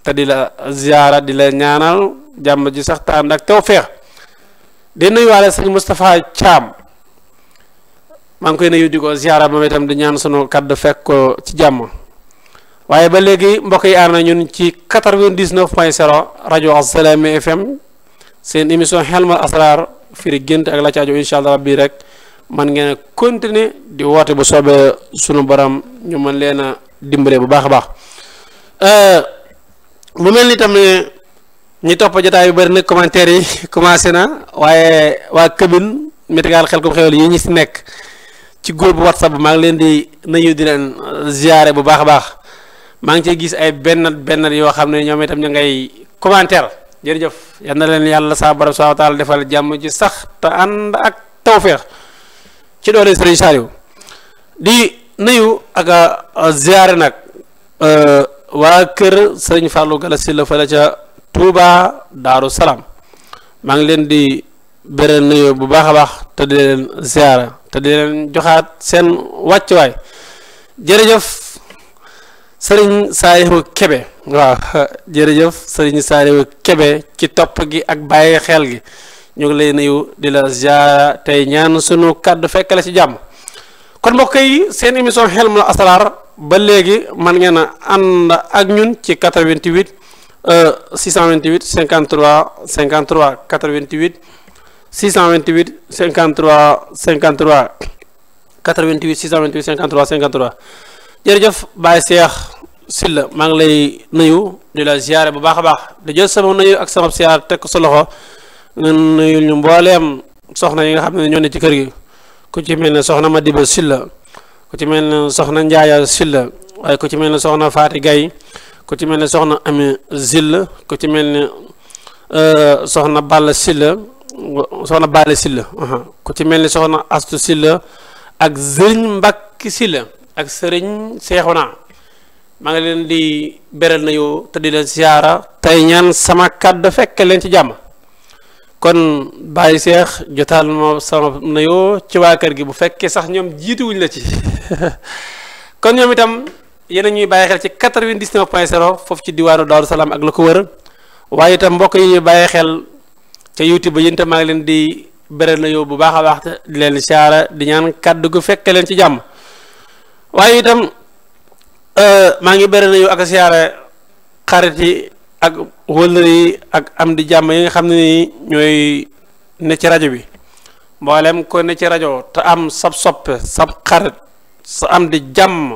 te di la ziyaara di la ñaanal jàmm ji sax te ànd ak de nuyuwaale sëñ Moustapha Thiam maa ngi koy nuyu di ko ziara moom itam di ñaan sunu kaddu fekk ko ci jàmm waaye ba léegi mbokk yi ànd na ñun ci 99 point 0 rajo Assalaamy FM seen émission Hilmul Asrar firi gént ak la ci aju incha allah rabbi rek man ngeen a di woote bu soobee sunu borom ñu mën leen a dimbale bu baax a baax euh, mu mel ni tam ñi topp jotaay yu bari nag commentaire yi [laughs] commencé na waaye waa commune météo Xelcom Xéwal yi ñu si nekk ci góor groupe whatsapp bi maa ngi leen di nuyu di leen ziare bu baax a baax maa ngi cee gis ay benn benn yoo xam ne ñoom itam ñu ngay commentaire jërëjëf yal na leen yàlla saa sa saa defal jàmm ci sax te ànd ak tawféex ci doole Sëriñ Saliou di nuyu ak ziare nag euh, waa kër Sëriñ Fallou Galass la fa la ca. Touba Daaru Salaam maa ngi leen di beral nuyoo bu baax a baax te di leen ziara te di leen joxaat seen wàccuwaay jërëjëf sëriñ Saalihu Kebe waaw jërëjëf sëriñ Saalihu Kebe ci topp gi ak bàyyi xel gi ñoo ngi lay nuyu di la ziara tey ñaan sunu kàddu fekk la ci jàmm kon mbokk yi seen émission Hilmul Asraar ba léegi man ngeen a ànd ak ñun ci 88 628 53 53 88 628 53 53 88 628 53 53 jërëjëf Baye Cheikh Sylla maa ngi lay nuyu di la ziare bu baax a baax di jël sama nuyu ak sama ziar teg ko sa loxo nga nuyul ñu mbooleem soxna yi nga xam ne ñoo ci kër gi ku ci mel ne soxna Madiba Sylla ku ci mel ne soxna Ndiaaya Sylla waaye ku ci mel ni soxna Faati gay ku ci mel ne soxna Ami Zilla euh, ku ci mel ne soxna Balla Silla ku ci mel ni soxna Astu Silla ak sëriñ Mbàkki Silla ak sëriñ Seexuna maa ngi leen di beral na yow te di leen siyaara tey ñaan sama kàddu fekk leen ci jàmm kon Baye Cheikh jotaal ma sama nuyoo ci waa kër gi bu fekkee sax ñoom jiituwuñ la ci [laughs] kon ñoom itam yéen ñuy bàyyi xel ci 99 point 0 foofu ci diwaanu Daaru Salaam ak la ko wër waaye itam mbokk yi ñuy bàyyi xel ca YouTube ba yéen maa ngi leen di beral na yow bu baax a baax di leen siyaara di ñaan kàdd gu fekke leen ci jàmm waaye itam euh, maa ngi beral na yow ak siyaara xarit yi ak wëllër yi ak am di jàmm yi nga xam ne nii ñooy ne ci rajo bi mboolem ko ne ci rajo te am sab soppe sab xarit sa am di jàmm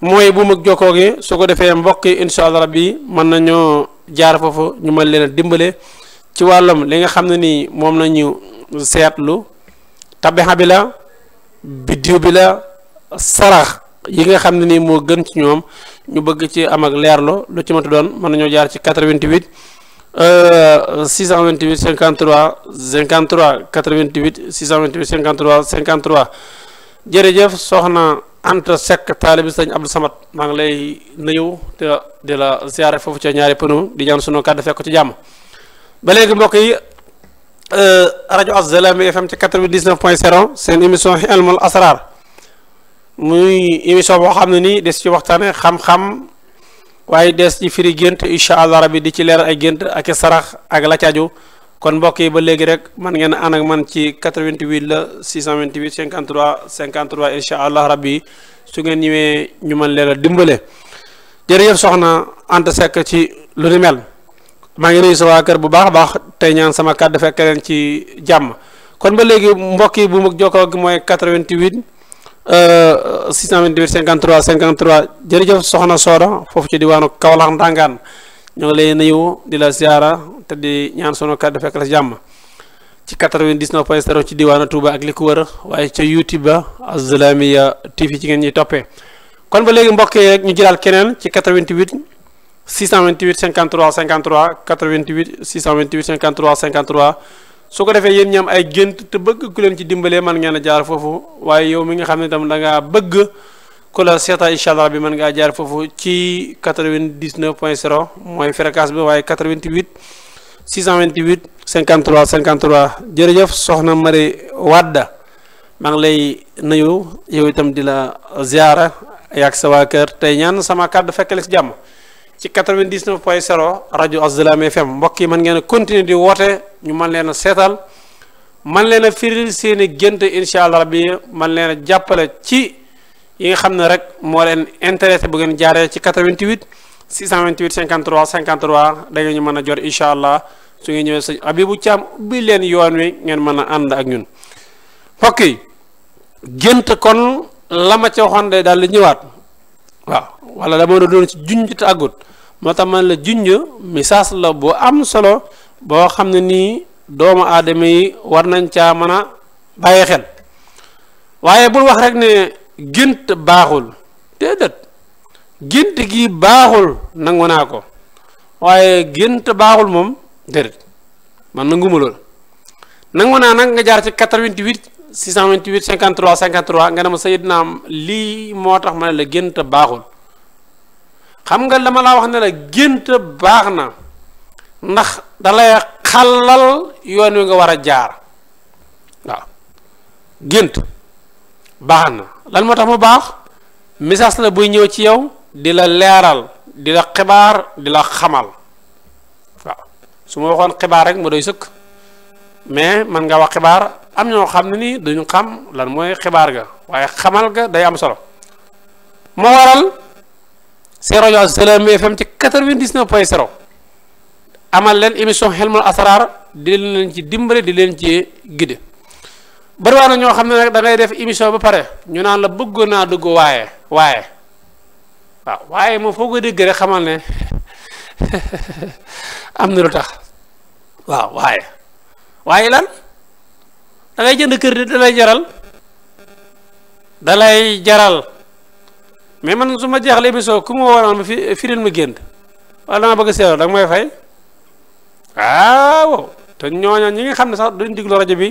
mooy bu mag jokkoo gi su ko defee mbokk yi incha allah mën nañoo jaar foofu ñu mën leen dimbale ci wàllam li nga xam ne nii moom nañu seetlu tabexa bi la biddiw bi la sarax yi nga xam ne nii moo gën ci ñoom ñu bëgg ci am ak leerlu lu ci matu doon mën nañoo jaar ci 88 628 53 53 88 628 53 53 jërëjëf soxna Anta Seck taalibi sëñ Abdou Samad maa ngi lay nuyu te di la ziare foofu ca ñaari pënu di ñaan sunu kàddu fekk ci jàmm ba léegi mbokk yi euh, rajo Assalaamy FM ci seron seen émission Hilmul Asrar muy émission boo xam ne nii des ci waxtaane xam-xam waaye des ci firi gént incha allah rabi di ci leer ay gént ak i sarax ak la caaju kon mbokk yi ba léegi rek man ngeen ànd ak man ci 88 la 628 53 53 incha allah rabbi su ngeen ñëwee ñu mën leen a dimbale jërëjëf soxna Anta Seck ci lu ni mel maa ngi nuyu sa waa kër bu baax a baax tey ñaan sama kàddu fekk leen ci jàmm kon ba léegi mbokk yi bu mag jokkoo gi mooy 88 628 53 53 jërëjëf soxna Soda foofu ci diwaanu Kaolack Ndangaan ñoo ngi lay nuyu di la ziara te di ñaan sunu kàddu fekk la si jàmm ci 99 point 0 ci diwaanu Touba ak li ko wër waaye ca YouTube ba Assalaamy TV ci ngeen ñuy toppee kon ba léegi mbokk yi ñu jëlaat keneen ci 88 628 53 53 88 628 53 53 su ko defee yéen ñam ay gént te bëgg ku leen ci dimbalee man ngeen a jaar foofu waaye yow mi nga xam ne tam da ngaa bëgg. ku la seetaan incha allah bi mën ngaa jaar foofu ci 99 point 0 mooy fréquence bi waaye 88 628 53 53 jërëjëf soxna Mari Wadda maa ngi lay nuyu yow itam di la ziara yaag sa waa kër tey ñaan sama kàddu fekk la si jàmm ci 99 point 0 rajo Asalaam FM mbokk yi mën ngeen a continuer di woote ñu mën leen seetal man leen a firil seeni i gént incha allah bi man leen a jàppale ci. yi nga xam ne rek moo leen intéressé bu ngeen jaaree ci 88 628 53 53 da ngeen ñu mën a jot incha allah su ngeen ñëwee sëñ Abibu Caam ubbi leen yoon wi ngeen mën a ànd ak ñun mbokk yi gént kon la ma ca waxoon daal di ñëwaat waaw wala dama doon ci junj te àggut moo tax man la junj message la bu am solo boo xam ne nii doomu aadama yi war nañ caa mën a bàyyi xel waaye bul wax rek gént baaxul déedéet gént gi baaxul nangu naa ko waaye gént baaxul moom déedéet man nanguma lool nangu naa nag nga jaar ci 88 628 53 53 nga ne ma sayid lii moo tax ma ne la gént baaxul xam nga dama la wax ne la gént baax na ndax dalay xalal yoon wi nga war a jaar waaw gént baax na lan moo tax mu baax message la buy ñëw ci yow di la leeral di la xibaar di la xamal waaw su ma waxoon xibaar rek ma doy sëkk mais man nga wax xibaar am ñoo xam ne nii duñu xam lan mooy xibaar ga waaye xamal ga day am solo moo waral seen rajo Assalaamy FM ci 99 point 0 amal leen émission xelmul asraar di leen ci dimbale di leen ci gide bariwaa na ñoo xam ne nag da ngay def émission ba pare ñu naan la bëgg naa dugg waaye waaye waaw waaye moom foo ko ne [laughs] am na lu tax waaw waaye waaye lan da ngay jënd kër da lay jaral da jaral mais man su ma jeexal émission ku ma waroon fi firil ma génn wala dama bëgg seetlu da nga may fay waaw te ñooñu ñi nga xam ne sax duñ diglu rajo bi.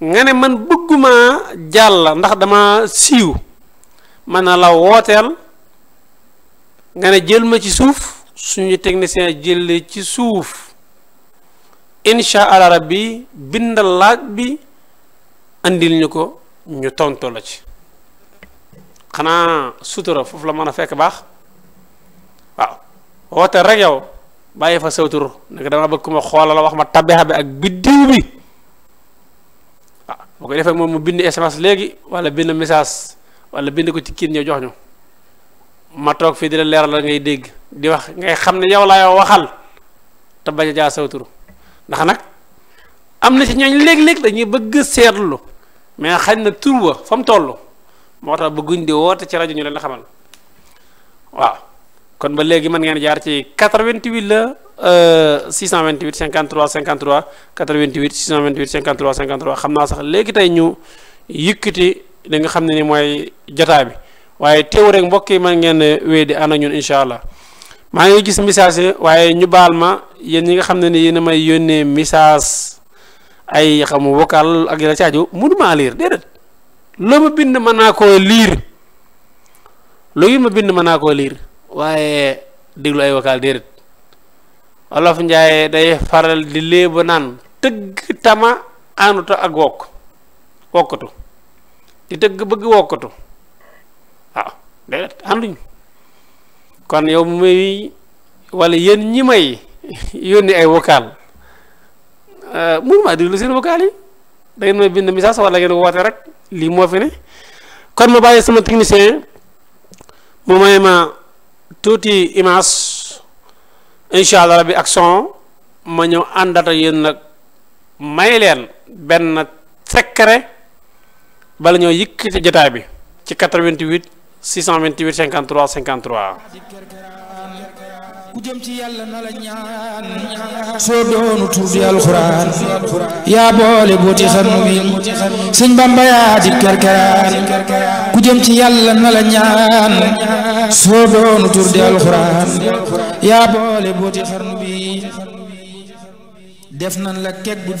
nga ne man bëgguma jàll ndax dama siiw mën na la wooteel nga ne jël ma ci suuf suñu technicien jël ci suuf incha allah bi bindal laaj bi andil ñu ko ñu tonto la ci xanaa sutura foofu la mën a fekk baax waaw wooteel rek yow bàyyi fa sawtur nag dama bëgg ku ma wax ma tabeexa bi ak biddiw bi boo ko defee moom mu bind SMS léegi wala bind message wala bind ko ci kiin ñëw jox ñu ma toog fii di la leeral la ngay dégg di wax ngay xam ne yow laay waxal te bañ a jaa sawturu ndax nag am na si ñooñ léeg-léeg dañuy bëgg seetlu mais xañ na tur wa fa mu toll moo tax bëgguñ di woote ci rajo ñu leen xamal waaw kon ba léegi mën ngeen jaar ci 88 la 628 53 53 88 628 53 53 xam naa sax léegi tey ñu yëkkati li nga xam ne ni mooy jotaa bi waaye teew rek mbokk yi mën ngeen wéy di ànd ñun incha allah maa ngi gis message yi waaye ñu baal ma yéen ñi nga xam ne ni yéen a may yónnee message ay xamu vocal ak la caaju mënumaa liir déedéet loo ma bind mën naa koo liir loo ma bind mën naa koo liir waaye déglu ay vocal déedéet olof Njaay day faral di léeba naan tëgg tama ànduta ak wokk wokkatu di tëgg bëgg wokkatu waaw déedéet ànduñ kon yow muy wala yéen ñi may yónni ay vocal euh, mënumaa déglu seen vocal yi da ngeen may bind message wala ngeen woote rek lii moo fi ne kon ma bàyyi sama technicien mu may ma tuuti image incha allah rabbi ak son ma ñëw àndata yéen nag may leen benn secret bala ñoo yëkkati jotaay bi ci 88 628 53 53. ku jëm ci yàlla na la ñaan soo doonu tur di yaa boole booti xarnu bi sëñ bamba yaa di kerkeraan ku jëm ci yàlla na la ñaan soo doonu tur di yaa boole booti xarnu bi def la keg bu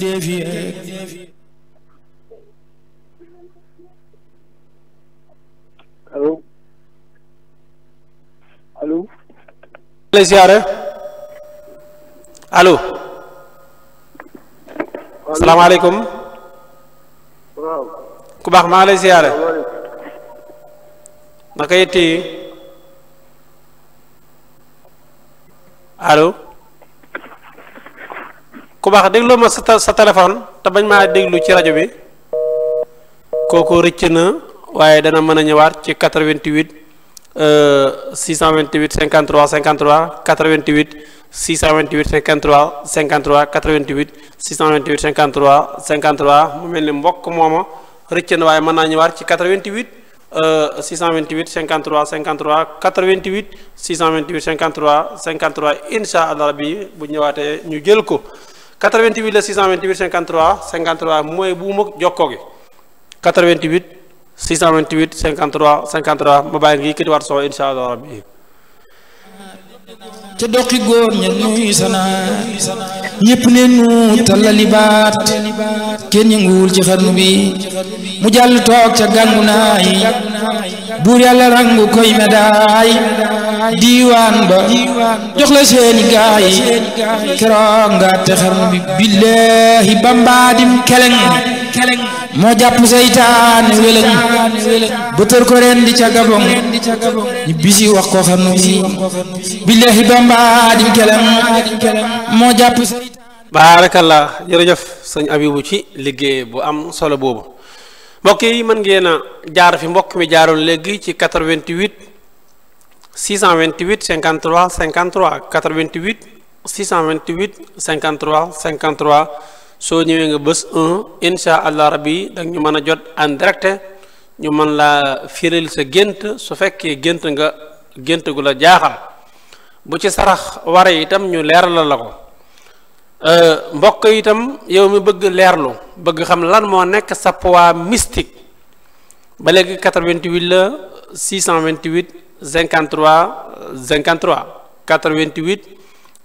lay siyaare allo salaamaaleykum ku baax maa ngi lay siyaare naka yitte yi allo ku baax dégloo ma sa sa téléphone te bañ maa déglu ci rajo bi kookoo rëcc na waaye dana mën a ñëwaat ci 88 628 53 53 88 628 53 53 88 628 53 53 mu mel ni mbokk mooma rëcc na waaye mën naa ñëwaat ci 88 628 53 53 88 628 53 53 incha allah bi bu ñëwaatee ñu jël ko 88 la 628 53 53 mooy bu mu jokkoo gi 88. 628 53 53 ma bàyyi ngi kitiwaat soo insha allah rabbi ca doqi góor ña nuy sanaa ñépp ne nu tallali baat ci xarnu bi mu jàll toog ca gàngu naay buur yàlla rangu koy medaay diiwaan ba jox la seeni gaay keroog nga te xarnu bi billaahi bambaadim keleng keleng moo jàpp seytaan welañ ba tër ko ren di ca gabon ñu bisi wax ko xam ne si billahi bamba dim keleng moo jàpp seytaan baarakallah jërëjëf sëñ abibu ci liggéey bu am solo boobu mbokk yi mën ngeen a jaar fi mbokk mi jaaroon léegi ci 88 628 53 53 88 628 53 53 soo ñëwee nga bés un insha allah rabbi da ñu mën a jot en direct ñu mën laa firil sa gént su fekkee gént nga gént gu la jaaxal bu ci sarax ware itam ñu leeralal la ko euh, mbokk itam yow mi bëgg leerlu bëgg xam lan moo nekk sa poids mystique ba léegi 88 la 628 53 53 88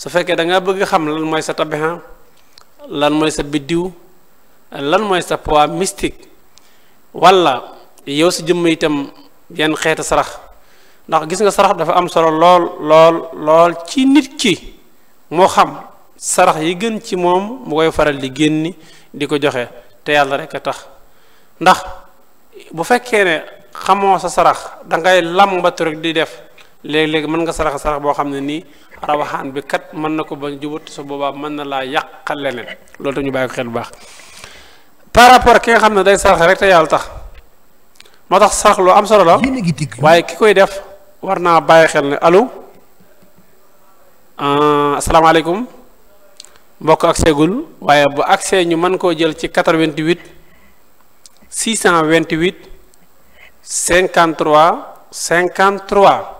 su fekkee da nga bëgg xam lan mooy sa tabihan lan mooy sa biddiw lan mooy sa poids mystique wala yow sa jëmm itam yenn xeetu sarax ndax gis nga sarax dafa am solo lool lool lool ci nit ki moo xam sarax yi gën ci moom mu koy faral di génni di ko joxe te yàlla rek a tax ndax bu fekkee ne xamoo sa sarax da ngay làmbatu rek di def léegi léegi mën nga sarax sarax boo xam ne nii rawaxaan bi kat mën na ko bañ jubut su boobaa mën na laa yàq leneen loolu te ñu bàyyi ko xel bu baax par rapport ki nga xam ne day sarax rek te yàlla tax moo tax sarax lu am solo la waaye ki koy def war naa bàyyi xel ne allo ah, asalaamaaleykum mbokk ak seegul waaye bu accès ñu mën koo jël ci vingt 628 53 53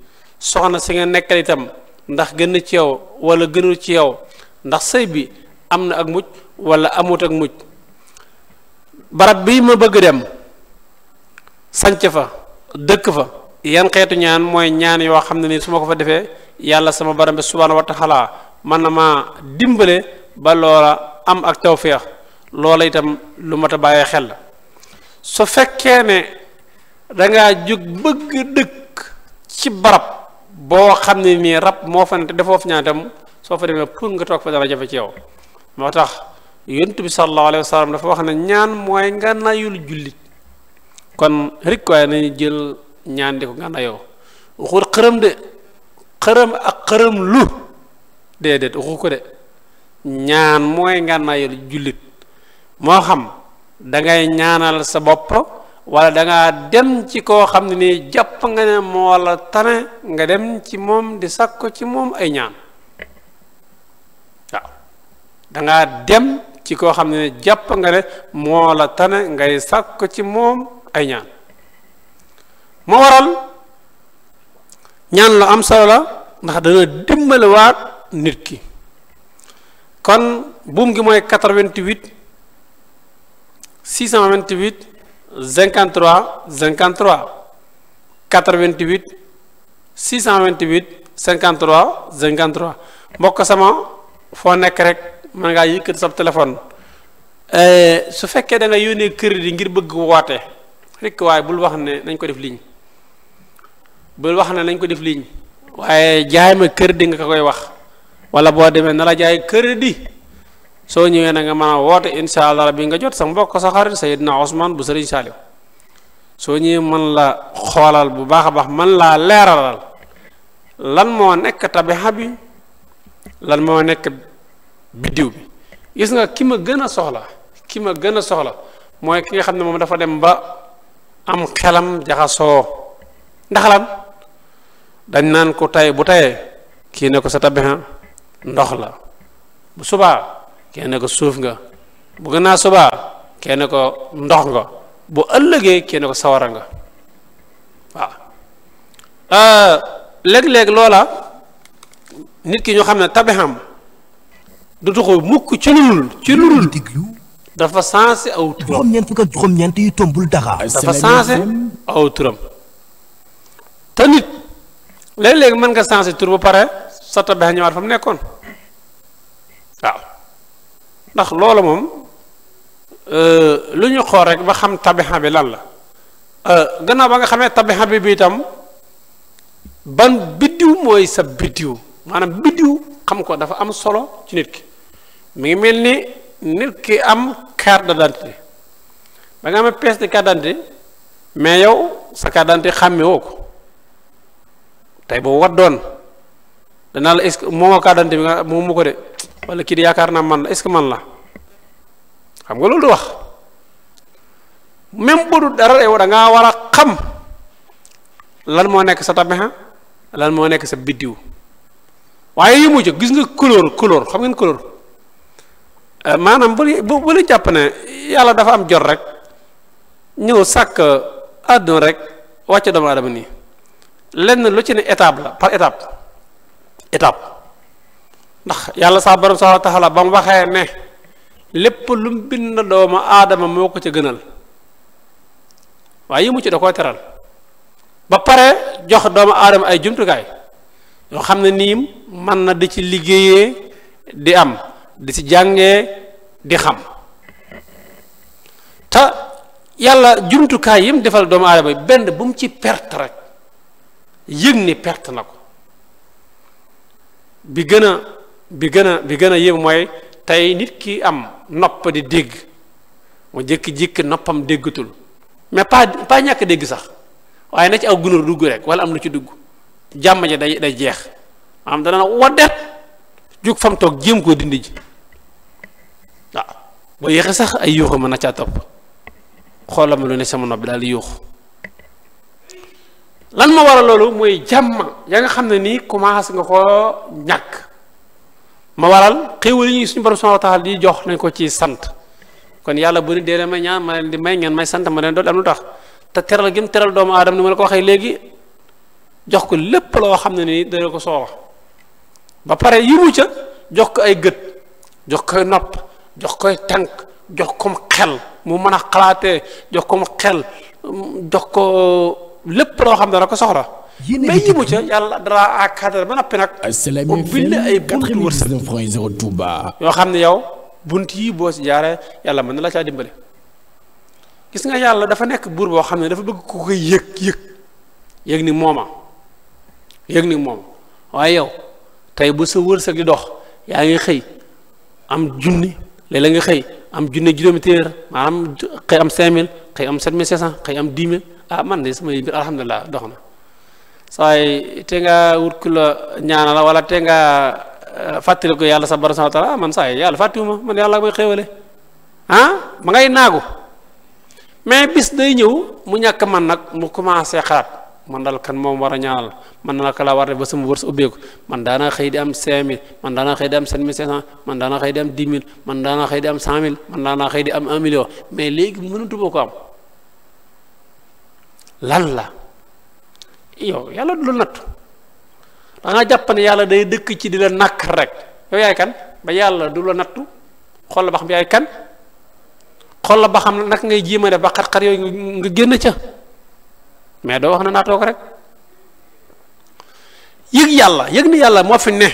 soxna si nga nekkal itam ndax gën ci yow walla gënul ci yow ndax sëy bi am na ak mujj wala amut ak mujj barab bi ma bëgg dem sanc fa dëkk fa yan xeetu ñaan mooy ñaan yoo xam ne ni su ma ko fa defee yàlla sama baram bi subhaanahu wa taala man na maa dimbale ba loola am ak tawféex loola itam lu mat a bàyyee xel la su fekkee ne dangaa jóg bëgg dëkk ci barab boo xam ne mii rab moo fa ne te defoo fa ñaan soo fa demee pour nga toog fa dana jafe ci yow moo tax yonent bi sallallahu alayhi dafa wax ne ñaan mooy ngànnaayul jullit kon rek waaye nañu jël ñaan di ko ngànnaayoo waxul xërëm de xërëm ak xërëm lu déedéet waxu ko de ñaan mooy ngànnaayul jullit moo xam dangay ngay ñaanal sa bopp wala da dem ci koo xam ne nii jàpp nga ne moo la tane nga dem ci moom di sakko ci moom ay ñaan waaw da ngaa dem ci koo xam ne jàpp nga ne moo la tane ngay sakko ci moom ay ñaan moo waral ñaan lu am solo la ndax dana dimbaliwaat nit ki kon buum gi mooy 88 628. 53 53 88 628 53 53 mbokk sama foo nekk rek mën ngaa yëkkati sa téléphone eh, su fekkee da nga yónnee crédit ngir bëgg woote rekk waaye bul wax ne nañ ko def ligne bul wax ne nañ ko def ligne waaye jaay ma di nga ko koy wax walla boo demee nala jaay jaay di soo ñëwee na nga mën a woote incha allah bi nga jot sa mbokk sa xarit sayidna Ousmane bu sa sëriñ Saaliw soo ñëwee man la xoolal bu baax a baax man laa leeralal lan moo nekk tabixa bi lan moo nekk biddiw bi gis nga ki ma gën a soxla ki ma gën a soxla mooy ki nga xam ne moom dafa dem ba am xelam jaxasoo ndax lan dañ naan ko tay bu tayee kii ne ko sa tabixa ndox la bu subaa kenn ko suuf nga bu naa subaa kenn ko ndox nga bu ëllëgee kenn ko sawara nga waaw euh, léeg-léeg loola nit ki ñoo xam ne tabixam du tuxu mukk ci lulul ci lulul dafa sensé aw turam juróom-ñeent fukk ak juróom-ñeent yi tombul dara aw turam te nit léeg-léeg mën nga sensé tur ba pare sa tabexa ñëwaat fa mu nekkoon waaw ndax loolu moom euh, lu ñu xool rek ba xam tabixa bi lan la euh, gannaaw ba nga xamee tabixa bi bi itam ban biddiw mooy sa biddiw maanaam biddiw xam ko dafa am solo ci nit ki mu ngi mel ni nit ki am carte d'identité ba nga amee pièce de carte d'identité mais yow sa carte d'identité woo ko tey boo wat doon danaa la est-ce que moo nga ko de wala kii di yaakaar naa man la est-ce que man la xam nga loolu du wax même bu du dara yow war a xam lan moo nekk sa tabaxa lan moo nekk sa biddiw waaye yu mujj gis nga couleur couleur xam ngeen couleur euh, maanaam bu bu bu la jàpp ne yàlla dafa am jot rek ñëw sàkk àdduna rek wàcce doomu aadama nii lenn lu ci ne étape la par étape étape. ndax yàlla saa borom subhaanahu wa taala ba mu waxee ne lépp lu mu bind doomu aadama moo ko ca gënal waaye yi mu ci da koo teral ba pare jox doomu aadama ay jumtukaay yoo xam ne nii mën na di ci liggéeyee di am di ci jàngee di xam te yàlla jumtukaay yim defal doomu aadama benn bu mu ci perte rek yëg ni perte na ko bi gën bi gën a bi gën a yéem mooy tey nit ki am nopp di dégg mu jékki-jékki noppam déggatul mais pas ñàkk dégg sax waaye na ci aw gunóor dugg rek wala am na ci dugg jàmm ji day day jeex am dana waddeet jug fam toog jéem koo dindi ji waaw boo yéexee sax ay yuuxu mën na caa topp xoolal ma lu ne sama nopp daal di yuuxu lan ma a loolu mooy jàmm ya nga xam ne nii commencé nga koo ñàkk ma waral xéewal yi ñu suñu borom subhanahu wa di jox nañ ko ci sant kon yàlla bu ni dee may ñaan di may ngeen may sant ma leen dool am lu te teral gi mu teral doomu aadama ni ma la ko waxee léegi jox ko lépp loo xam ne ni dana ko soxla ba pare yi mu ca jox ko ay gët jox koy nopp jox koy tànk jox kom xel mu mën a xalaate jox kom xel jox ko lépp loo xam ne dana ko soxla yéen a mais yimu ca yàlla dara encadré ba noppi nag. asalaamaaleykum ah, ubbil la ay buntu wërsëg yoo xam ne yow bunt yii boo si jaaree yàlla mën na la caa dimbale. gis nga yàlla dafa nekk buur boo xam ne dafa bëgg ku koy yëg yëg yëg ni mooma yëg ni moom waaye yow tey bu sa wërsëg di dox yaa ngi xëy am junni léeg-léeg nga xëy am junni juróomi téeméer maanaam xëy am 5000 xëy am 7500 xëy am 10 000 ah man de samay mbir alhamdulilah dox na. saay te nga wut la ñaanal wala te nga eh, fàttali ko yàlla sa borom subhanahu man saay yàlla fàttiwuma man yàlla mooy xéewale ah ma ngay naagu mais bis day ñëw mu ñàkk man nag mu commencé xalaat man dal kan moom war a ñaanal man na la war a def ba sama wërs ubbeeku man daanaa xëy di am cinq mille man daanaa xëy di am sept mille cinq cent man daanaa xëy di am dix mille man daanaa xëy di am cent mille man daanaa xëy di am un million mais léegi mënatuma ko am lan la yow yàlla du la nattu da nga jàpp yàlla day dëkk ci di la nakk rek yow yaay kan ba yàlla du la nattu xool la ba xam yaay kan xool la ba xam nag ngay jéem a def ba xar-xar yooyu nga génn ca mais doo wax na naa toog rek yëg yàlla yëg ni yàlla moo fi ne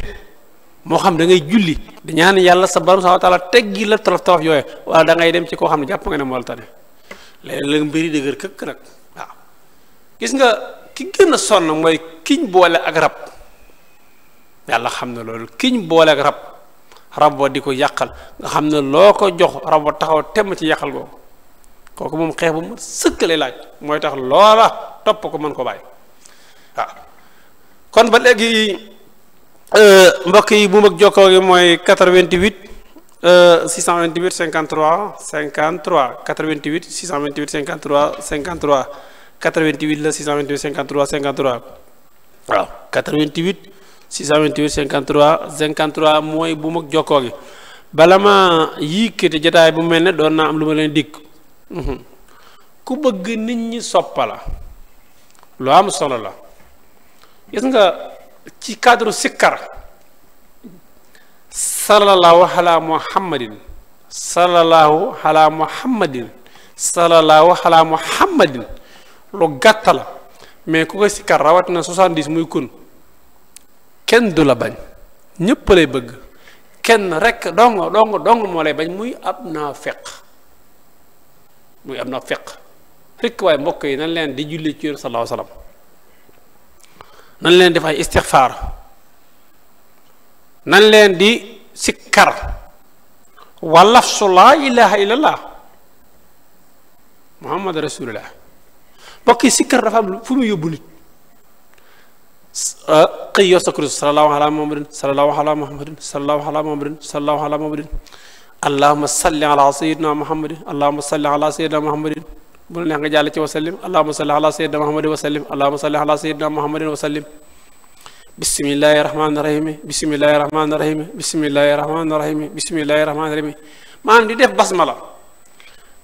moo xam da ngay julli di yàlla sa borom subhanahu wa taala teggi la tolof tolof yooyu wala da ngay dem ci koo xam ne jàpp nga ne moo la tane mbiri dëgër këkk nag waaw gis nga ki gën a sonn mooy kiñ boole ak rab yàlla xam ne loolu kiñ boole ak rab rab wa di ko yàqal nga xam ne loo ko jox rab wa taxaw temm ci yàqal ko kooku moom xeex bu ma sëkkale laaj mooy tax loola topp ko mën ko bàyyi waaw kon ba léegi euh, mbokk yi bu mag jokkoo gi mooy 88 628 53 53 88 628 53 53 88 la 628 53 53 waaw 88 628 53 53 mooy bu mag jokkoo gi bala ma yëkkati jotaay bu mel ni doon naa am lu ma leen dikk mhm. ku bëgg nit ñi soppala lu am solo la gis nga ci cadre sikkar salallahu ala muhammadin salallahu ala muhammadin salallahu ala muhammadin lu gàtt la mais ku koy sikkar rawat na 70 muy kun kenn du la bañ ñépp lay bëgg kenn rek dong dong dong moo lay bañ muy ab naa feq muy ab naa feq fekk waaye mbokk yi nañ leen di julli ci yéen sallallahu alayhi wasallam leen def ay istixfaar nañ leen di sikkar walaf su laa ilaha illallah muhammad rasulullah mbokk yi sikkar dafa am fu muy yóbbu nit ah, xëy yoo sakuru sallallahu ala muhammadin sallallahu ala muhammadin sallallahu ala muhammadin sallallahu ala muhammadin allahuma muhammadin allahuma salli ala sayidina ci wasallim allahuma salli ala muhammadin wasallim bismillahi rahmaani rahimi bismillahi rahmaani rahimi bismillahi rahmaani rahimi bismillahi di def basmala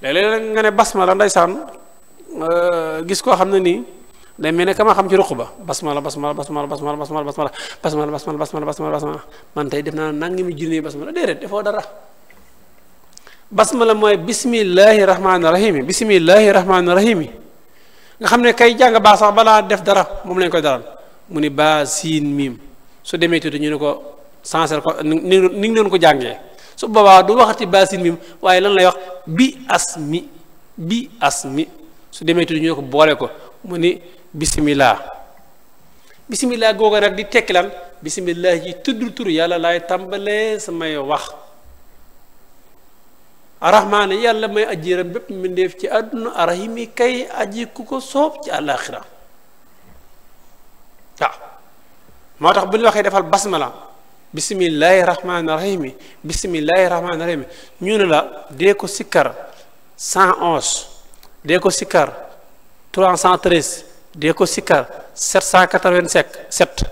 léeg-léeg nga ne basmala ndeysaan gis koo xam ne nii day mel ne ka ma xam ci ruq ba basmala basmala basmala basmala basmala basmala basmala basmala basmala basmala basmala man tey def naa nangi mi junne basmala déedéet defoo dara basmala mooy bismillahi rahmaani rahimi bismillahi rahmaani rahimi nga xam ne kay jàng baax sax balaa def dara moom lañ koy daral mu ni baa siin miim su demee tuuti ñu ne ko sansel ko ni ni ngi ko jàngee su boobaa du waxati baa siin miim waaye lan lay wax bi mi bi mi su demee tudd ñu ne ko boole ko mu ni bisimilah bisimilah googa nag di tekki lan bisimilah ji tuddul tur yàlla laay tàmbalee samay wax arahmaane yàlla may ajiram bépp mbindeef ci àdduna arahimi kay aji ku ko soob ci àllaaxira waaw moo tax bu ñu waxee defal basmala bisimilahi rahmaani rahimi bisimilahi rahmaani rahimi ñu ne la dee ko sikkar cent onze dee ko sikkar 313 dee ko sikkar 785 7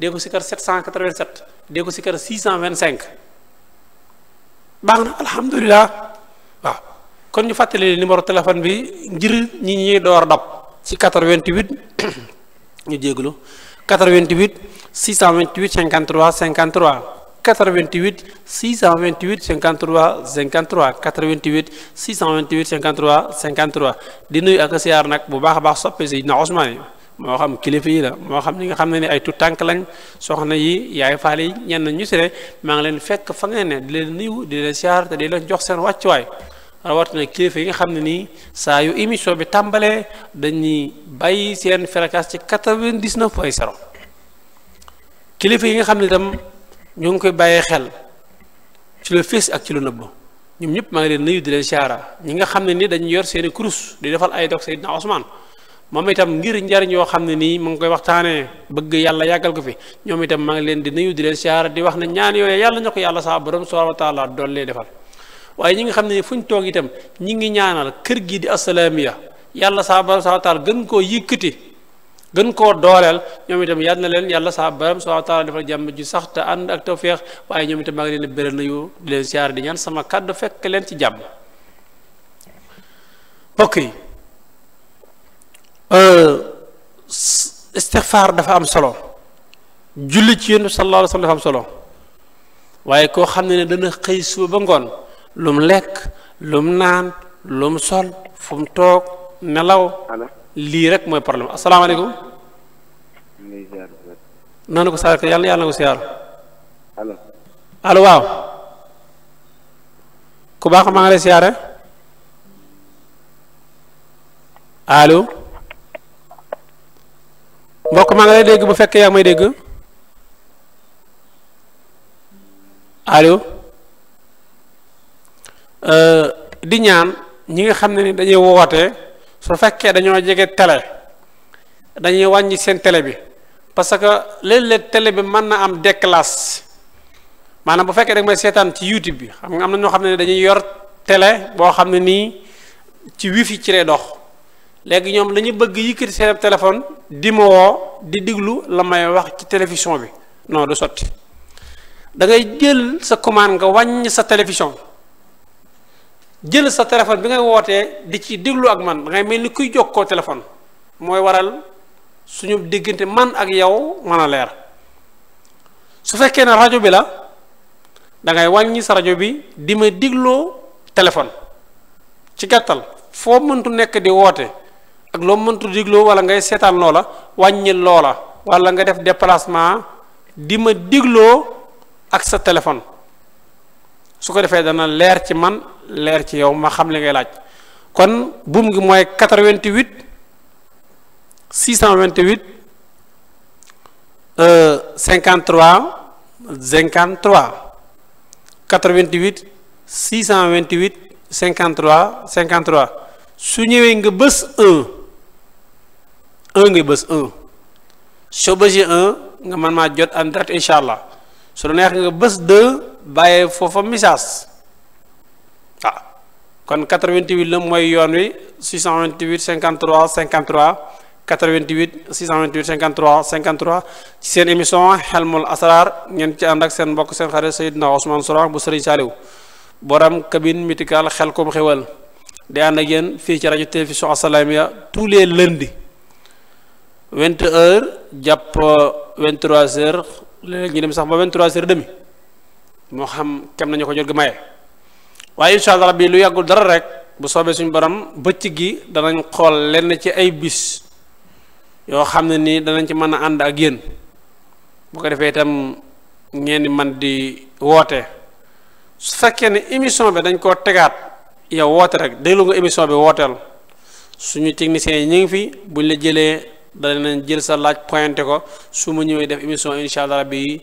dee ko sikkar 787 dee ko sikkar 625 baax na alhamdulilah waaw kon ñu fàttali numéro téléphone bi ngir ñi ñuy door dab ci 88 [coughs] ñu jégalu 88 628 53 53 88 628 53 53 88 628 53 53 di nuyu ak siyaar nag bu baax a baax soppe Seydina Ousmane yi moo xam kilifa yi la moo xam ñi nga xam ne ni ay tu tànk lañ soxna yi yaay faal yi ñenn ñu si ne maa ngi leen fekk fa ngeen ne di leen nuyu di leen siyaar te di leen jox seen wàccuwaay rawatina kilifa yi nga xam ne nii saa yu émission bi tàmbalee dañuy bàyyi seen fréquence ci 99 point 0 kilifa yi nga xam ne ñoo ngi koy bàyyee xel ci lu fees ak ci lu nëbb ñoom ñëpp maa ngi leen nuyu di leen siyaara ñi nga xam ne ni dañu yor seeni kurus di defal ay dog Seydina Ousmane moom itam ngir njariñ yoo xam ne nii mu ngi koy waxtaanee bëgg yàlla yàggal ko fi ñoom itam maa ngi leen di nuyu di leen siyaara di wax ne ñaan yooyu yàlla na ko yàlla saa borom subhanahu wa taala dollee defal waaye ñi nga xam ne ni fu ñu toog itam ñu ngi ñaanal kër gi di asalaamiya yàlla saa gën koo yëkkati gën koo dooleel ñoom itam yal na leen yàlla saa baram subhaanahu wa taala defal jàmm ju sax te ànd ak tawféex waaye ñoom itam maa ngi leen bëral nayu di leen siyaar di ñaan sama kàddu fekk leen ci jàmm mbokk yi euh, istixfaar dafa am solo julli ci yéen sallallahu alayhi wa sallam dafa am solo waaye koo xam ne ne dana xëy suba ba ngoon lum lekk lum naan lum sol fu mu toog nelaw lii rek mooy problème asalaamaaleykum. nanu ko saar yàlla yàlla na ko siyaar. allo. waaw. ku baax maa ngi lay siyaare. allo. mbokk maa ngi dégg bu fekkee yaa may dégg. allo. Euh, di ñaan ñi nga xam ne ni dañuy woowatee. su fekkee dañoo jege télé dañuy wàññi seen télé bi parce que léeg-léeg mën na am déclasse maanaam bu fekkee rek may seetaan ci YouTube bi xam nga am na ñoo xam ne dañuy yor télé boo xam ne nii ci wifi ci lay dox léegi ñoom la ñu bëgg yëkkati seen téléphone di ma woo di diglu la may wax ci télévision bi non du sotti da ngay jël sa commande nga wàññ sa télévision. jël sa téléphone bi ngay wootee di ci déglu ak man da ngay mel ni kuy jokkoo téléphone mooy waral suñu diggante man ak yow mën a leer su fekkee ne rajo bi la dangay wàññi sa rajo bi di ma digloo téléphone ci gàttal foo mëntu nekk di woote ak loo mëntu digloo wala ngay seetaan loola wàññil loola walla nga def déplacement di ma digloo ak sa téléphone su ko defee dana leer ci man leer ci yow ma xam li ngay laaj kon buum ngi mooy 88 628 53 53 88 628 53 53 su ñëwee nga bës 1 1 ngay bës 1 soo bësee 1 nga mën maa jot en direct incha allah. su la neex nga bés deux bàyyee foofa message waaw ah, kon 88 la mooy yoon wi 628 53 53 88 628 53 53 ci seen émission xelmul asraar ngeen ci ànd ak seen mbokk seen xarit Seydina Ousmane Sourang bu Serigne Saliou borom cabine médicale xel kom xewal di ànd ak fii ci rajo télévision Assalaamy tous les lundis 20 jàpp léeg-léeg ñu dem sax ba 23h30 moo xam kem nañu ko jot gi maye waaye incha allah bi lu yàggul dara rek bu soobee suñu borom bëcc gi danañ xool lenn ci ay bis yoo xam ne nii danañ ci mën a ànd ak yéen bu ko defee itam ngeen di man di woote su fekkee ne émission bi dañ koo tegaat yow woote rek déglu nga émission bi wooteel suñu techniciens yi ñu fi buñ la jëlee. danañ jël sa laaj pointé ko su ma ñëwee def émission incha allah bi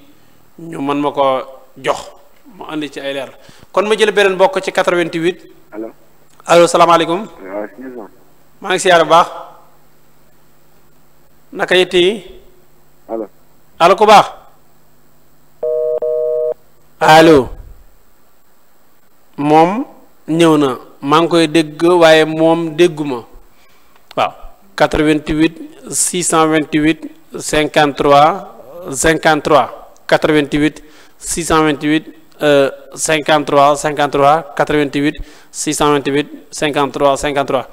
ñu mën ma ko jox mu andi ci ay leer kon ma jël beneen bokk ci 88. allo allo maa ngi siyaare bu baax. naka yi. allo allo allo. moom ñëw na maa ngi koy dégg waaye moom dégguma 88 628 53 53 88 628 euh, 53 53 88 628 53 53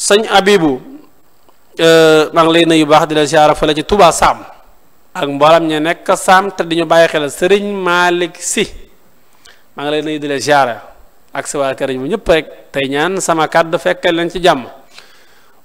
sëñ Abibu euh, maa ngi lay nuyu baax di la ziara fële ci Touba Sam ak mboolam ñe nekk Sam te di ñu bàyyi xel sëriñ Malick si maa ngi lay nuyu di la ziara ak sa waa kër yi ñëpp rek tey ñaan sama kàddu fekkee leen ci jàmm.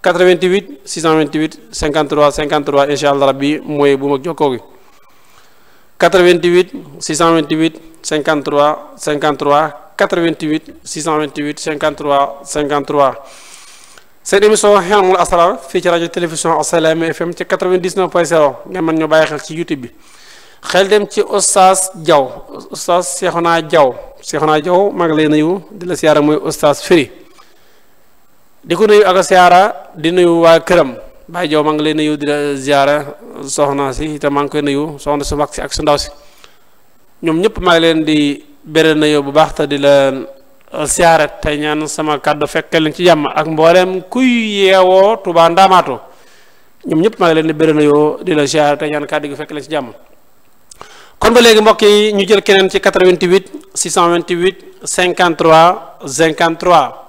88 628 53 53 incha allah rabbi mooy bu mag jokkoo gi 88 628 53 53 88 628 53 53 seen émission Hilmul Asrar fii ci rajo télévision Assalaamy FM ci 99 point 0 ngeen mën ñu bàyyi xel ci YouTube bi xel dem ci Oustaz Diaw Oustaz Cheikhouna Diaw Cheikhouna Diaw maa ngi lay nuyu di la siyaara mooy Oustaz Firi di ko nuyu ak siyaara di nuyu waa këram Baye Diop maa ngi lay nuyu di la ziara soxna si te maa ngi koy nuyu soxna su mag si ak su ndaw si ñoom ñëpp maa ngi leen di bere nuyu bu baax te di la uh, siyaara tey ñaan sama kàddu fekk leen ci jàmm ak mboolem kuy yeewoo Touba Ndamatou ñoom ñëpp maa ngi leen di bere nuyu di la siyaara tey ñaan kàddu gi fekk leen ci jàmm. kon ba léegi mbokk yi ñu jël keneen ci 88 628 53 53.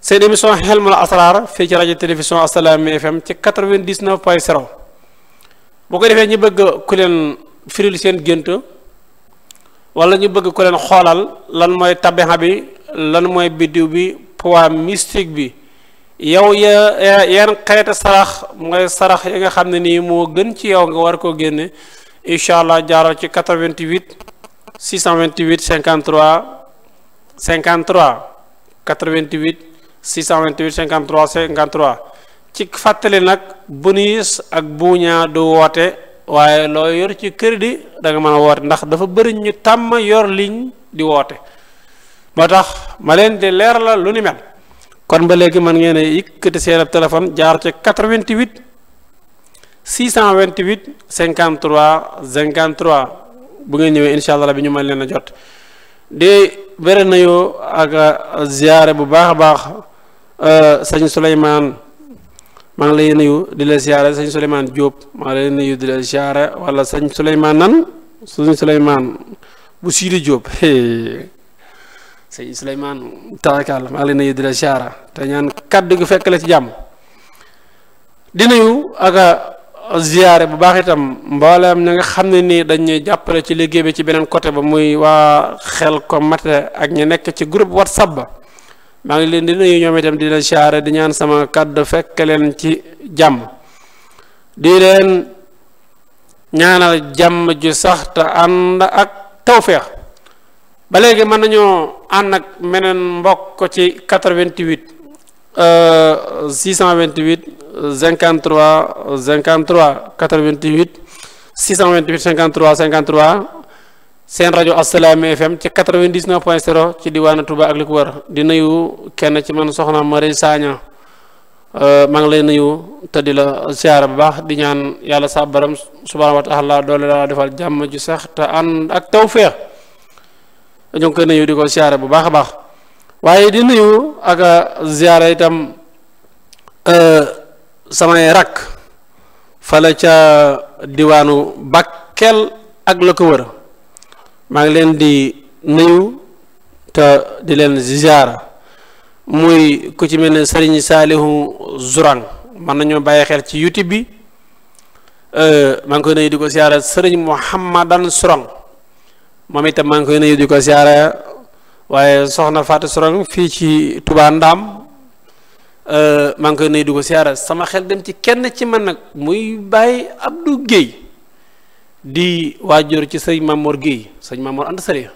seen émission xelmul asraar fii ci rajo télévision Assalaamy FM ci 99 point 0 bu ko defee ñu bëgg ku leen firil seen gént wala ñu bëgg ku leen xoolal lan mooy tabixa bi lan mooy biddiw bi poids mystique bi yow ya yan xeeti sarax mooy sarax yi nga xam ne nii moo gën ci yow nga war koo génne incha allah jaaral ci 88 628 53 53 88 628 53 53 ci fàttali nag bonus ak buuñaa du woote waaye loo yor ci crédit da nga mën a woote ndax dafa bëri ñu tàmm yor ligne di woote moo tax ma leen di leerala la lu ni mel kon ba léegi mën ngeen a yëkkati seen ab téléphone jaar ci 88 628 53 53 bu ngeen ñëwee incha allah bi ñu mën leen a jot di were yoo ak euh, ziyaare bu baax a baax euh, sëñ Souleymane maa ngi lay nuyu di la ziyaare sëñ Souleymane jóob maa ngi lay nuyu di la ziyaare wala sëñ Souleymane nan sëñ Souleymane bu Sidi Diop [laughs] sëñ Souleymane taakal maa ngi lay nuyu di la ziyaare te ñaan kaddu gi fekk la si jàmm di nuyu ak ziyaare bu baax itam mbooleem ñi nga xam ne nii dañuy jàppale ci liggéey bi ci beneen côté ba muy waa xel ko mate ak ñu nekk ci groupe whatsapp ba maa ngi leen di nuyu ñoom itam di leen di ñaan sama kàddu fekk leen ci jàmm di leen ñaanal jàmm ju sax te ànd ak tawféex ba léegi mën nañoo ànd ak meneen mbokk ci 88. 628 53 53 88 628 53 53 seen rajo Assalaamy FM ci 99 point 0 ci diwaanu Touba ak li ko wër di nuyu kenn ci man soxna Marie Sagna euh, maa ngi lay nuyu te di la siyaara bu baax di ñaan yàlla sa baram subhaana wa taala doole laa defal jàmm ju sax te ànd ak tawféex ñu ngi koy nuyu di ko siyaara bu baax a baax. waaye di nuyu ak a itam e, samay rakk fala ca diwaanu Bakel ak la ko wër maa ngi leen di nuyu te di leen ziyaara muy ku ci mel ni Sëriñ Saalihu Zurang mën nañoo bàyyi xel ci yuti bi e, maa ngi koy nuyu di ko ziyaara Sëriñ Mouhamadan Sorong moom itam maa koy nuyu di ko ziyaara waaye soxna Fatou Sorong fii ci Touba Ndaam euh, maa ngi koy nuyu di ko siyaara sama xel dem ci kenn ci man nag muy bàyyi Abdou Guèye di waajur ci sëñ Mamour Guèye sëñ Mamour Anta Sali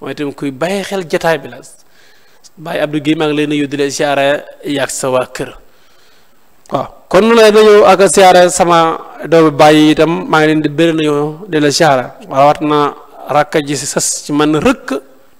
mooy itam kuy bàyyi xel jataay bi la bàyyi Abdou Guèye maa ngi lay nuyu di la siyaara yàgg sa waa kër sama doomu bàyyi maa ngi leen di bëri nañoo di la siyaara waaw wat na rakka ji si sas ci man rëkk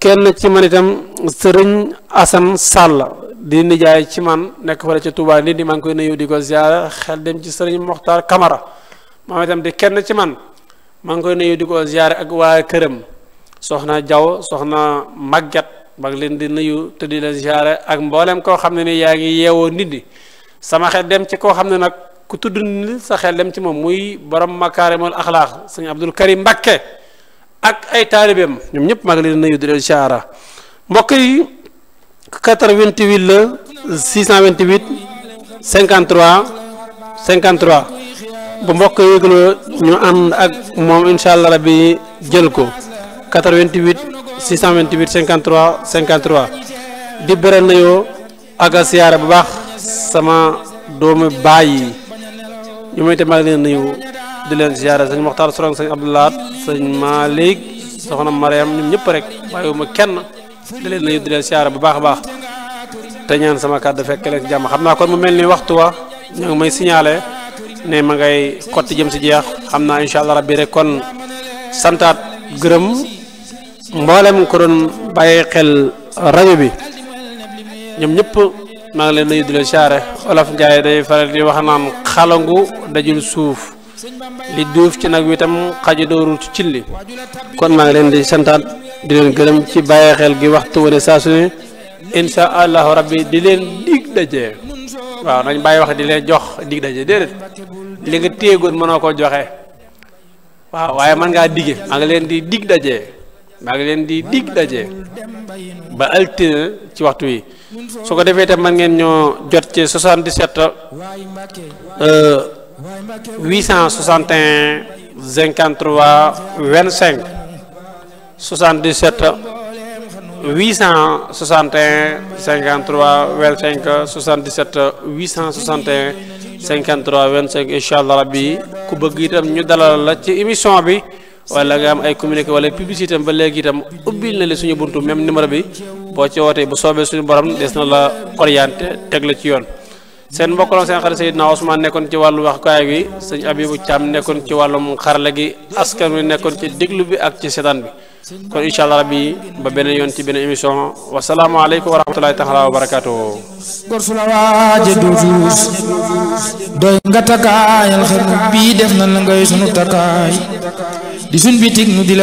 kenn ci man itam sëriñ Asan Sàll di nijaay ci man nekk fële ca Touba nit di maa ngi koy nuyu di ko ziyaara xel dem ci sëriñ Moxtaar Kamara moom tam di kenn ci man maa ngi koy nuyu di ko ziyaare ak waa këram soxna Jaw soxna Màggat mag leen di nuyu te di leen ziyaare ak mboolem koo xam ne ni yaa ngi yeewoo nit ñi sama xel dem ci koo xam ne nag ku tudd ni sa xel dem ci moom muy borom makaarimul axlaax sëñ Abdul Karim Mbakke ak ay taalibeem ñoom ñëpp maa ngi leen nuyu di leen siyaara mbokk yi 88 la 628 53 53 bu mbokk yi yëgloo ñu ànd ak moom incha allah rabbi jël ko 88 628 53 53 di bëre nuyoo ak a siyaara bu baax sama doomu baay yi ñu may te maa ngi leen nuyu di leen ziyaare sëñ Moxtaar Sorong sëñ Abdoulaat sëñ Malick soxna Mariam ñun ñëpp rek bàyyiwuma kenn di leen nuyu di leen bu baax a baax te ñaan sama kàddu fekk leen ci jàmm xam naa kon mu mel ni waxtu wa may signalé ma ngay xotti jëm si jeex xam naa incha allah rabbi rek kon santaat gërëm mboolem ko doon xel rajo bi ñoom ñëpp maa ngi leen nuyu di leen ziyaare Olof Njaay day faral di wax naan xalangu dajul suuf li duuf ci nag wi tam xaja doorul ci cilli kon maa ngi leen di santaat di leen gërëm ci bàyyi xel gi waxtu wane saa su ne insha allahu rabbi di leen dig daje waaw nañ bàyyi wax di leen jox dig daje déedéet li nga téegoon mënoo ko joxe waaw waaye mën ngaa dige maa ngi leen di dig daje maa ngi leen di dig daje ba altine ci waxtu wi su ko defee tam mën ngeen ñoo jot ci 77 861 53 25 77 861 53 25 77 861 53 25 incha allah rabbi ku bëgg itam ñu dalal la ci émission bi wala nga am ay communiqué wala publicité am ba léegi itam ubbil na la suñu buntu même numéro bi boo ci wootee bu soobee suñu borom des na la orienté teg la ci yoon. seen mbokk la seen xarit Seydina Ousmane nekkoon ci wàllu waxkaay gi sëñ Abibu Caam nekkoon ci wàllum xarala gi askan wi nekkoon ci déglu bi ak ci seetaan bi kon incha allah rabbi ba beneen yoon ci beneen émission wasalaamaaleykum wa rahmatulahi taala wa barakaatu gor su la waaje duutuus doy nga takkaayal xel bii def na la ngay sunu takkaay di sun